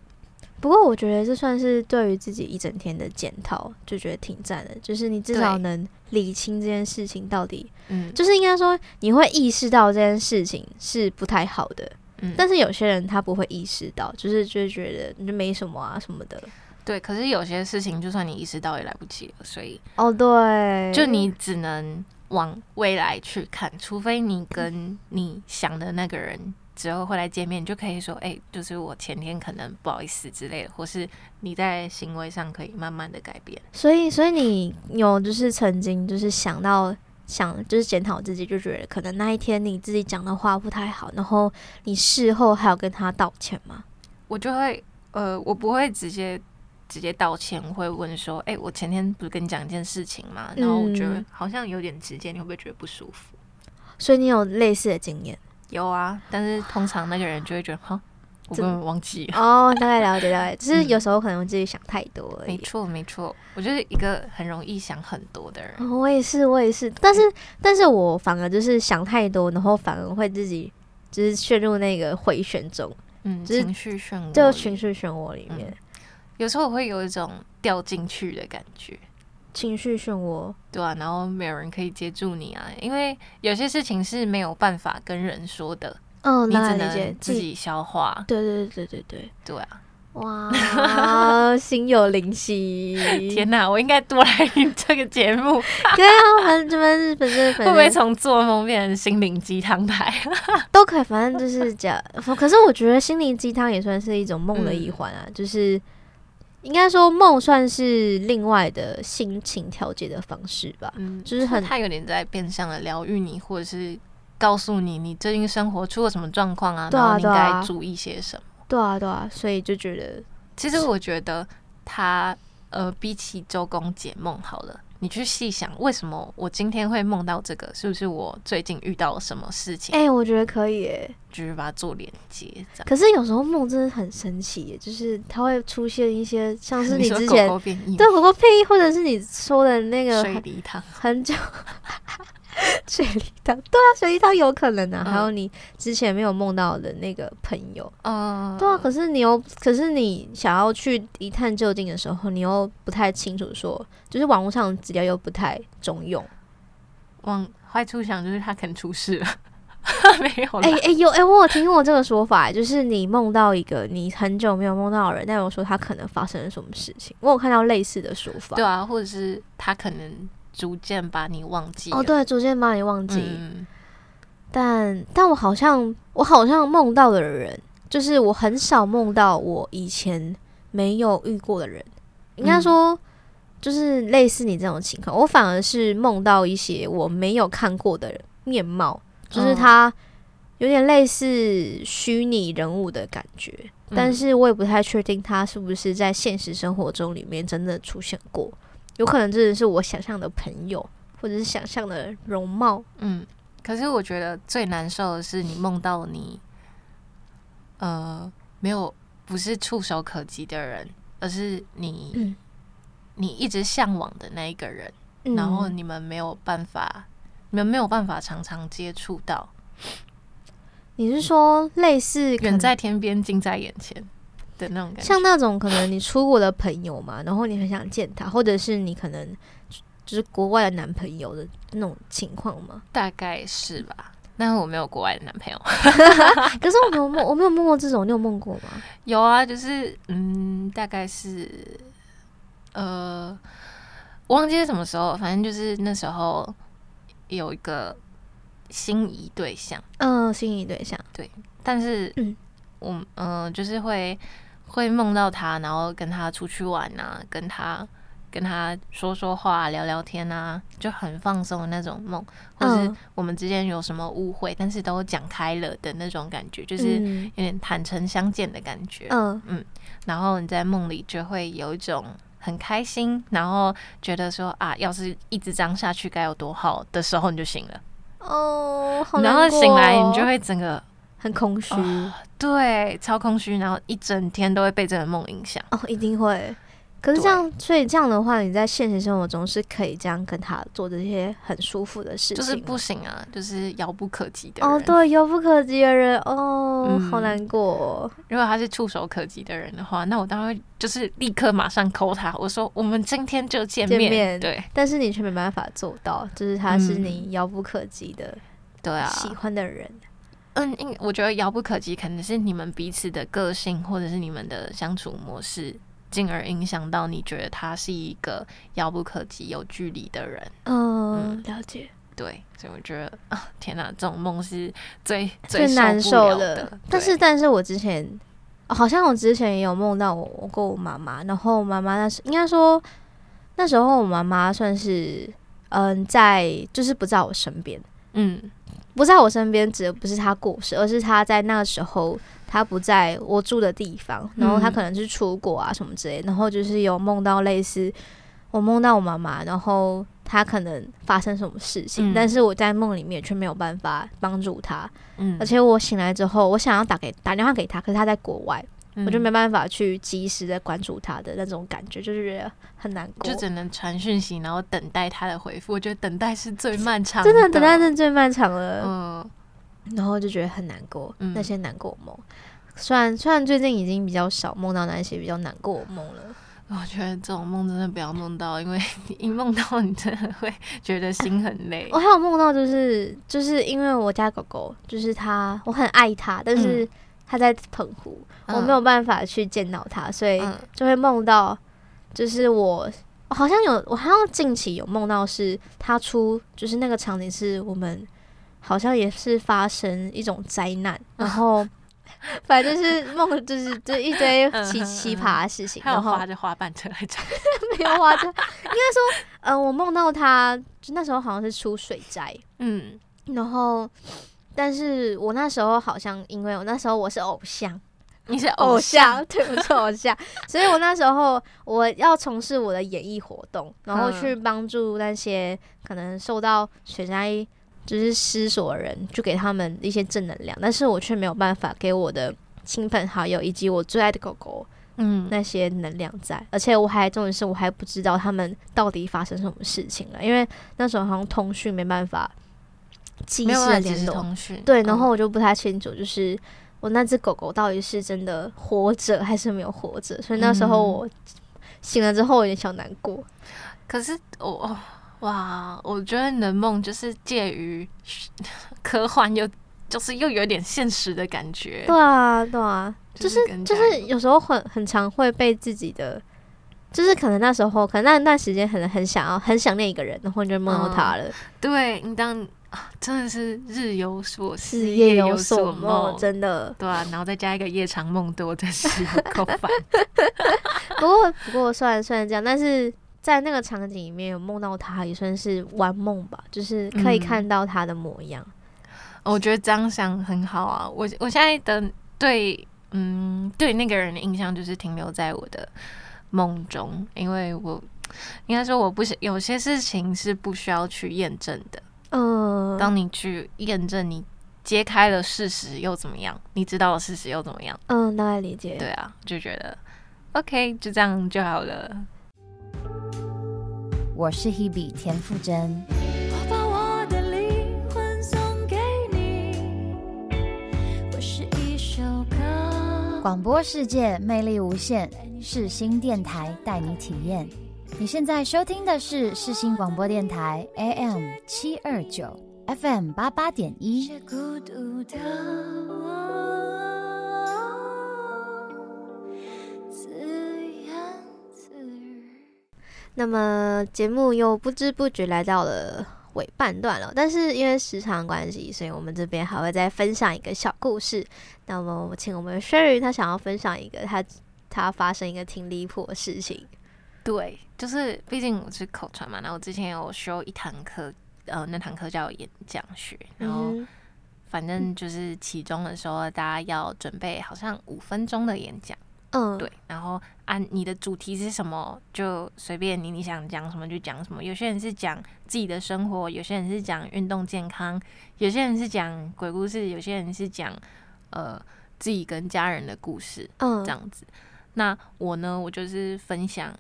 不過我覺得這算是對於自己一整天的檢討，就覺得挺讚的。就是你至少能理清這件事情到底，對，就是應該說你會意識到這件事情是不太好的，嗯，但是有些人他不會意識到，就是就覺得你就沒什麼啊什麼的。對，可是有些事情，就算你意識到也來不及了，所以哦，對，就你只能往未來去看，除非你跟你想的那個人之後後來見面，你就可以說，哎、欸，就是我前天可能不好意思之類的，或是你在行為上可以慢慢的改變。所以，所以你有就是曾經就是想到想就是檢討自己，就覺得可能那一天你自己講的話不太好，然後你事後還要跟他道歉嗎？我就會，呃，我不會直接。直接道歉，會問說：“哎、欸，我前天不是跟你講一件事情嘛？’然後我覺得好像有點直接，嗯、你會不會覺得不舒服？”所以你有類似的經驗？有啊，但是通常那個人就會覺得：“哈，我可能忘記。”哦，大概 了，了解，了解。只是有時候可能我自己想太多，嗯，沒錯，沒錯。我就是一個很容易想很多的人。哦，我也是，我也是。但是，嗯，但是我反而就是想太多，然後反而會自己就是陷入那個回旋中，嗯，情緒漩渦，就情緒漩渦裡面。有時候我會有一種掉進去的感覺，情緒漩渦，對啊，然後沒有人可以接住你啊，因為有些事情是沒有辦法跟人說的，嗯、哦，你只能自己消化，對對對對對對啊，哇，心有靈犀， 天哪、啊，我應該多來這個節目，對 啊，反正這邊日本這邊會不會從做夢變成心靈雞湯派， 都可以，反正就是講，可是我覺得心靈雞湯也算是一種夢的一環啊，嗯、就是。應該說夢算是另外的心情調節的方式吧，嗯，就是很他有點在變相的療癒你，或者是告訴你你最近生活出了什麼狀況啊，對啊對啊，然後你應該注意些什麼，對啊對啊，所以就覺得其實我覺得他呃比起周公解夢好了。你去細想，為什麼我今天會夢到這個？是不是我最近遇到什麼事情？哎、欸，我覺得可以，哎，就是把它做連接。可是有時候夢真的很神奇耶，就是它會出現一些像是你之前你狗狗對狗狗配音，或者是你說的那個很，水梨湯很久。 水梨湯，對啊，水梨湯有可能啊。嗯、還有你之前沒有夢到的那個朋友，嗯，對啊。可是你又，可是你想要去一探究竟的時候，你又不太清楚說，說就是網絡上的資料又不太中用。往壞處想，就是他可能出事了。 沒有啦，哎、哎、欸欸、有哎、欸，我有聽過這個說法、欸，就是你夢到一個你很久沒有夢到的人，但我說他可能發生了什麼事情，我有看到類似的說法。對啊，或者是他可能。逐漸把你忘記。哦，對，逐漸把你忘記。嗯、但但我好像，我好像夢到的人，就是我很少夢到我以前沒有遇過的人。應該說，嗯、就是類似你這種情況，我反而是夢到一些我沒有看過的人面貌，就是他有點類似虛擬人物的感覺，嗯、但是我也不太確定他是不是在現實生活中裡面真的出現過。有可能這只是我想象的朋友，或者是想象的容貌。嗯，可是我覺得最難受的是，你夢到你，呃，沒有不是觸手可及的人，而是你，嗯、你一直向往的那一個人，嗯、然後你們沒有辦法，你們沒有辦法常常接觸到。你是說類似嗯、遠在天邊，近在眼前？的那種感覺，像那種可能你出國的朋友嘛，然後你很想見他，或者是你可能就、就是國外的男朋友的那種情況嗎？大概是吧，那我沒有國外的男朋友。 可是我沒有夢， 我沒有夢過這種，你有夢過嗎？有啊，就是嗯，大概是呃，我忘記是什麼時候，反正就是那時候有一個心儀對象，嗯、呃，心儀對象，對，但是嗯，我嗯、呃，就是會。會夢到他，然後跟他出去玩啊，跟他跟他說說話、聊聊天啊，就很放鬆的那種夢。嗯。或是我們之間有什麼誤會，嗯、但是都講開了的那種感覺，就是有點坦誠相見的感覺。嗯嗯。然後你在夢裡就會有一種很開心，然後覺得說啊，要是一直這樣下去該有多好的時候你就醒了。哦。好哦，然後醒來你就會整個。很空虛，oh, 對，超空虛，然後一整天都會被這個夢影響。哦，oh, 一定會。可是這樣，對所以這樣的話，你在現實生活中是可以這樣跟他做這些很舒服的事情，就是不行啊，就是遙不可及的人。哦，oh, 對，遙不可及的人，哦、oh, 嗯，好難過、哦。如果他是觸手可及的人的話，那我當然會，就是立刻馬上 call 他。我說，我們今天就見面，見面對。但是你卻沒辦法做到，就是他是你遙不可及的，對啊、嗯，喜歡的人。嗯，因我覺得遙不可及，可能是你們彼此的個性，或者是你們的相處模式，進而影響到你覺得他是一個遙不可及、有距離的人。嗯，嗯，了解。對，所以我覺得啊，天哪、啊，這種夢是最最，最難受的。對但是，但是我之前好像我之前也有夢到我，我跟我媽媽，然後我媽媽那時應該說那時候我媽媽算是嗯，在就是不在我身邊，嗯。不在我身邊，指的不是他過世，而是他在那個時候他不在我住的地方，然後他可能是出國啊，什麼之類的，嗯、然後就是有夢到類似我夢到我媽媽，然後她可能發生什麼事情，嗯、但是我在夢裡面卻沒有辦法幫助她，嗯、而且我醒來之後，我想要打給打電話給他，可是他在國外。我就沒辦法去及時的關注他的那種感覺，就是覺得很難過，就只能傳訊息，然後等待他的回覆。我覺得等待是最漫長的，真的等待是最漫長了。嗯，然後就覺得很難過，那些難過的夢，嗯、雖然雖然最近已經比較少夢到那些比較難過的夢了。我覺得這種夢真的不要夢到，因為一夢到你真的會覺得心很累。我還有夢到，就是就是因為我家狗狗，就是它，我很愛它，但是它在澎湖。嗯我沒有辦法去見到他，所以就會夢到，就是我、嗯、我好像有，我好像近期有夢到是他出，就是那個場景是我們好像也是發生一種災難，嗯、然後反正， 就是夢，就是一堆奇，奇奇葩的事情。然、嗯嗯、有滑著滑板車來着，後 沒有花車， 應該說，呃，我夢到他就那時候好像是出水災，嗯，然後，但是我那時候好像因為我那時候我是偶像。你是偶像，對，我是偶像，所以，我那時候我要從事我的演藝活動，然後去幫助那些可能受到雪災就是失所的人，就給他們一些正能量。但是我卻沒有辦法給我的親朋好友以及我最愛的狗狗，嗯，那些能量在。而且我還重點是，我還不知道他們到底發生什麼事情了，因為那時候好像通訊沒辦法的，即時聯絡，對，然後我就不太清楚，哦、就是。我那隻狗狗到底是真的活着還是沒有活着？所以那時候我醒了之後有點小難過。嗯、可是我、哦、哇，我覺得你的夢就是介於科幻又就是又有點現實的感覺。對啊，對啊，就是就是，就是有時候很很常會被自己的，就是可能那時候可能那一段時間很很想要很想念一個人，然後就夢到他了。嗯、對你當。應真的是日有所思，夜有所夢，真的對啊。然後再加一個夜長夢多，真是夠煩。 不過，不過算，雖然雖然這樣，但是在那個場景裡面有夢到他也算是玩夢吧，就是可以看到他的模樣。嗯，我覺得這樣想很好啊。我我現在的對，嗯，對那個人的印象就是停留在我的夢中，因為我應該說我不是有些事情是不需要去驗證的。嗯，當你去驗證，你揭開了事實又怎麼樣？你知道了事實又怎麼樣？嗯，那來理解。對啊，就覺得，OK，就這樣就好了。我是 Hebe 田馥甄。我把我的靈魂送給你，我是一首歌。廣播世界魅力無限，視新電台帶你體驗。你現在收聽的是世新廣播電台，AM 七二九，FM 八八點一。那麼節目又不知不覺來到了尾半段了，但是因為時長關係，所以我們這邊還會再分享一個小故事。那麼我們請我們 Sherry 她想要分享一個她她,她發生一個挺離譜的事情。對，就是畢竟我是口傳嘛，然後我之前有修一堂課，呃，那堂課叫演講學，然後反正就是其中的時候，大家要準備好像五分鐘的演講，嗯，對，然後按、啊、你的主題是什麼，就隨便你，你想講什麼就講什麼。有些人是講自己的生活，有些人是講運動健康，有些人是講鬼故事，有些人是講呃自己跟家人的故事，嗯，這樣子。那我呢，我就是分享。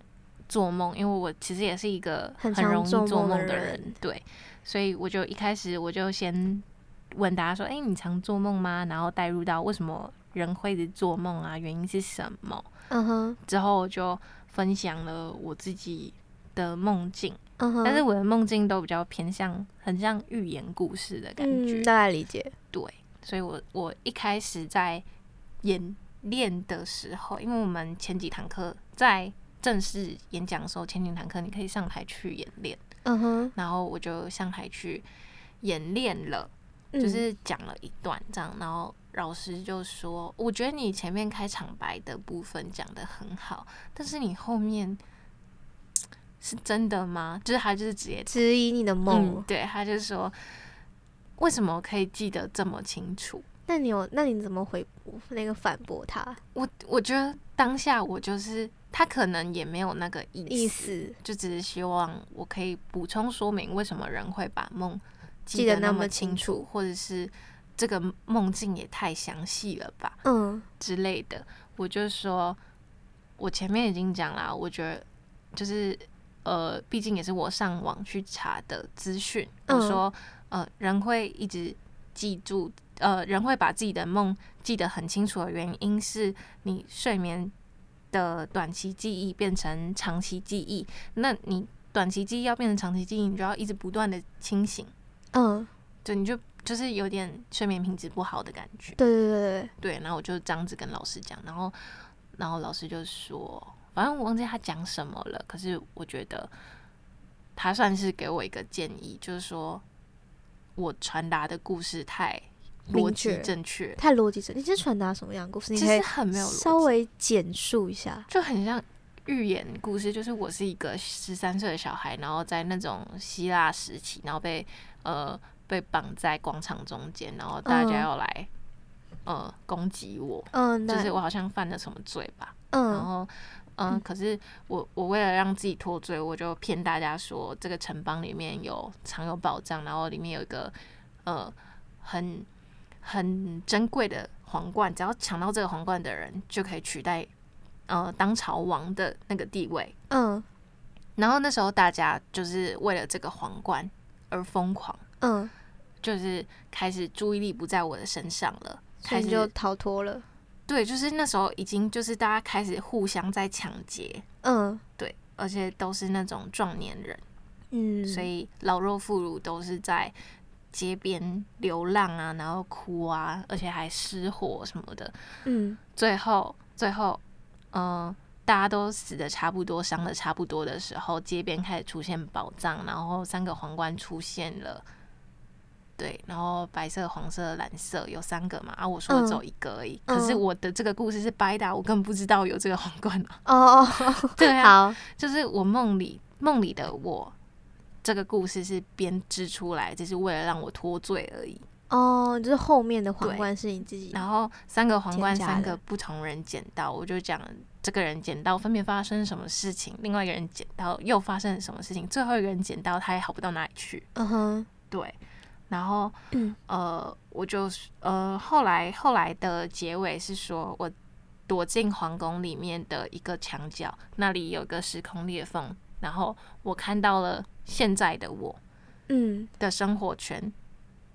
做夢，因為我其實也是一個很容易做夢的人，的人對，所以我就一開始我就先問大家說：“哎、欸，你常做夢嗎？”然後帶入到為什麼人會一直做夢啊？原因是什麼？Uh huh. 之後我就分享了我自己的夢境，uh huh. 但是我的夢境都比較偏向很像寓言故事的感覺，大概、嗯、理解。對，所以我，我我一開始在演練的時候，因為我們前幾堂課在。正式演講的時候，前幾堂課你可以上台去演練。嗯哼、uh。Huh. 然後我就上台去演練了，就是講了一段這樣。嗯、然後老師就說：“我覺得你前面開場白的部分講得很好，但是你後面是真的嗎？就是他就是直接質疑你的夢。嗯”對，他就說：“為什麼可以記得這麼清楚？”那你有，那你怎麼回，那個反駁他？我我覺得當下我就是。他可能也沒有那個意思，意思 就只是希望我可以補充說明為什麼人會把夢記得那麼清楚，或者是這個夢境也太詳細了吧，之類的。我就說，我前面已經講了，我覺得就是呃，畢竟也是我上網去查的資訊，我說呃，人會一直記住，呃，人會把自己的夢記得很清楚的原因是你睡眠。的短期記憶變成長期記憶，那你短期記憶要變成長期記憶，你就要一直不斷的清醒。嗯，對，你就就是有點睡眠品質不好的感覺。對對對對，對，然後我就這樣子跟老師講，然後然後老師就說，反正我忘記他講什麼了，可是我覺得他算是給我一個建議，就是說我傳達的故事太。邏輯正確，太邏輯正確。你是傳達什麼樣的故事？其實很沒有邏輯，稍微簡述一下。就很像寓言故事。就是我是一個十三歲的小孩，然後在那種希臘時期，然後被呃被綁在廣場中間，然後大家要來、嗯、呃攻擊我。嗯，就是我好像犯了什麼罪吧。嗯，然後、呃、嗯，可是我我為了讓自己脫罪，我就騙大家說這個城邦裡面有藏有寶藏，然後裡面有一個呃很。很珍貴的皇冠，只要搶到這個皇冠的人就可以取代，呃，當朝王的那個地位。嗯，然後那時候大家就是為了這個皇冠而瘋狂。嗯，就是開始注意力不在我的身上了，了開始就逃脫了。對，就是那時候已經就是大家開始互相在搶劫。嗯，對，而且都是那種壯年人。嗯，所以老弱婦孺都是在。街邊流浪啊，然後哭啊，而且還失火什麼的。嗯最，最後最後，嗯、呃，大家都死的差不多，傷的差不多的時候，街邊開始出現寶藏，然後三個皇冠出現了。對，然後白色、黃色、藍色有三個嘛？啊，我說的只有一個而已。嗯嗯、可是我的這個故事是白搭，我根本不知道有這個皇冠嘛、啊。哦，哦， 對啊，好就是我夢裡夢裡的我。這個故事是編織出來，只是為了讓我脫罪而已。哦，就是後面的皇冠對是你自己。然後三個皇冠，三個不同人撿到，我就講這個人撿到分別發生什麼事情，另外一個人撿到又發生什麼事情，最後一個人撿到他也好不到哪裡去。嗯哼、uh-huh. 對。然後 呃，我就呃，後來後來的結尾是說我躲進皇宮裡面的一個牆角，那裡有個時空裂縫。然後我看到了現在的我，嗯，的生活圈，嗯、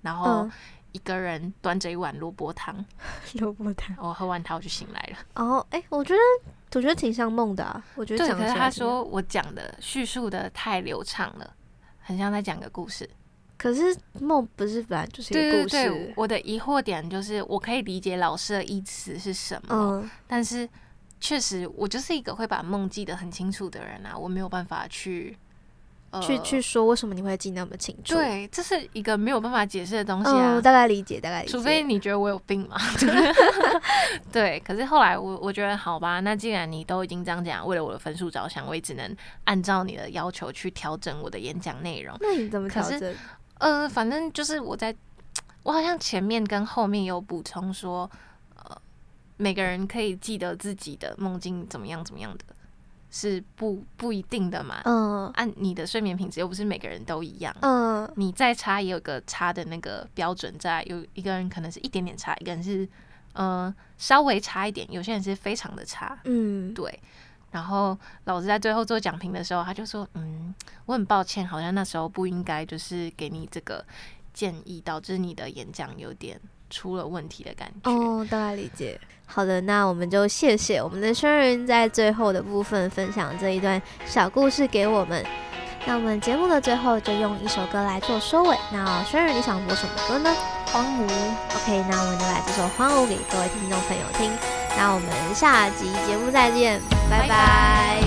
然後一個人端着一碗蘿蔔湯，蘿蔔湯，我喝完湯我就醒來了。然後、哦，哎，我覺得我覺得挺像夢的、啊，我覺得。對，可是他說我講的敘述的太流暢了，很像在講個故事。可是夢不是，本來就是一個故事對對對。我的疑惑點就是，我可以理解老師的意思是什麼，嗯、但是。確實，我就是一個會把夢記得很清楚的人啊，我沒有辦法去、呃、去去說為什麼你會記那麼清楚。對，這是一個沒有辦法解釋的東西啊、嗯，大概理解，大概理解。除非你覺得我有病嘛？對。 對，可是後來我我覺得好吧，那既然你都已經這樣講，為了我的分數着想，我也只能按照你的要求去調整我的演講內容。那你、嗯、怎麼調整？可是，呃，反正就是我在，我好像前面跟後面有補充說。每個人可以記得自己的夢境怎麼樣、怎麼樣的，是不不一定的嘛？嗯，按、啊、你的睡眠品質又不是每個人都一樣。嗯，你再差也有個差的那個標準在。有一個人可能是一點點差，一個人是嗯、呃，稍微差一點，有些人是非常的差。嗯，對。然後老師在最後做講評的時候，他就說：“嗯，我很抱歉，好像那時候不應該就是給你這個建議，導致你的演講有點。”出了問題的感覺。哦，大概理解。好的，那我們就謝謝我們的軒雲在最後的部分分享這一段小故事給我們。那我們節目的最後就用一首歌來做收尾。那軒雲，你想播什麼歌呢？荒蕪。OK，那我們就來這首《荒蕪》給各位聽眾朋友聽。那我們下集節目再見，拜拜。拜拜。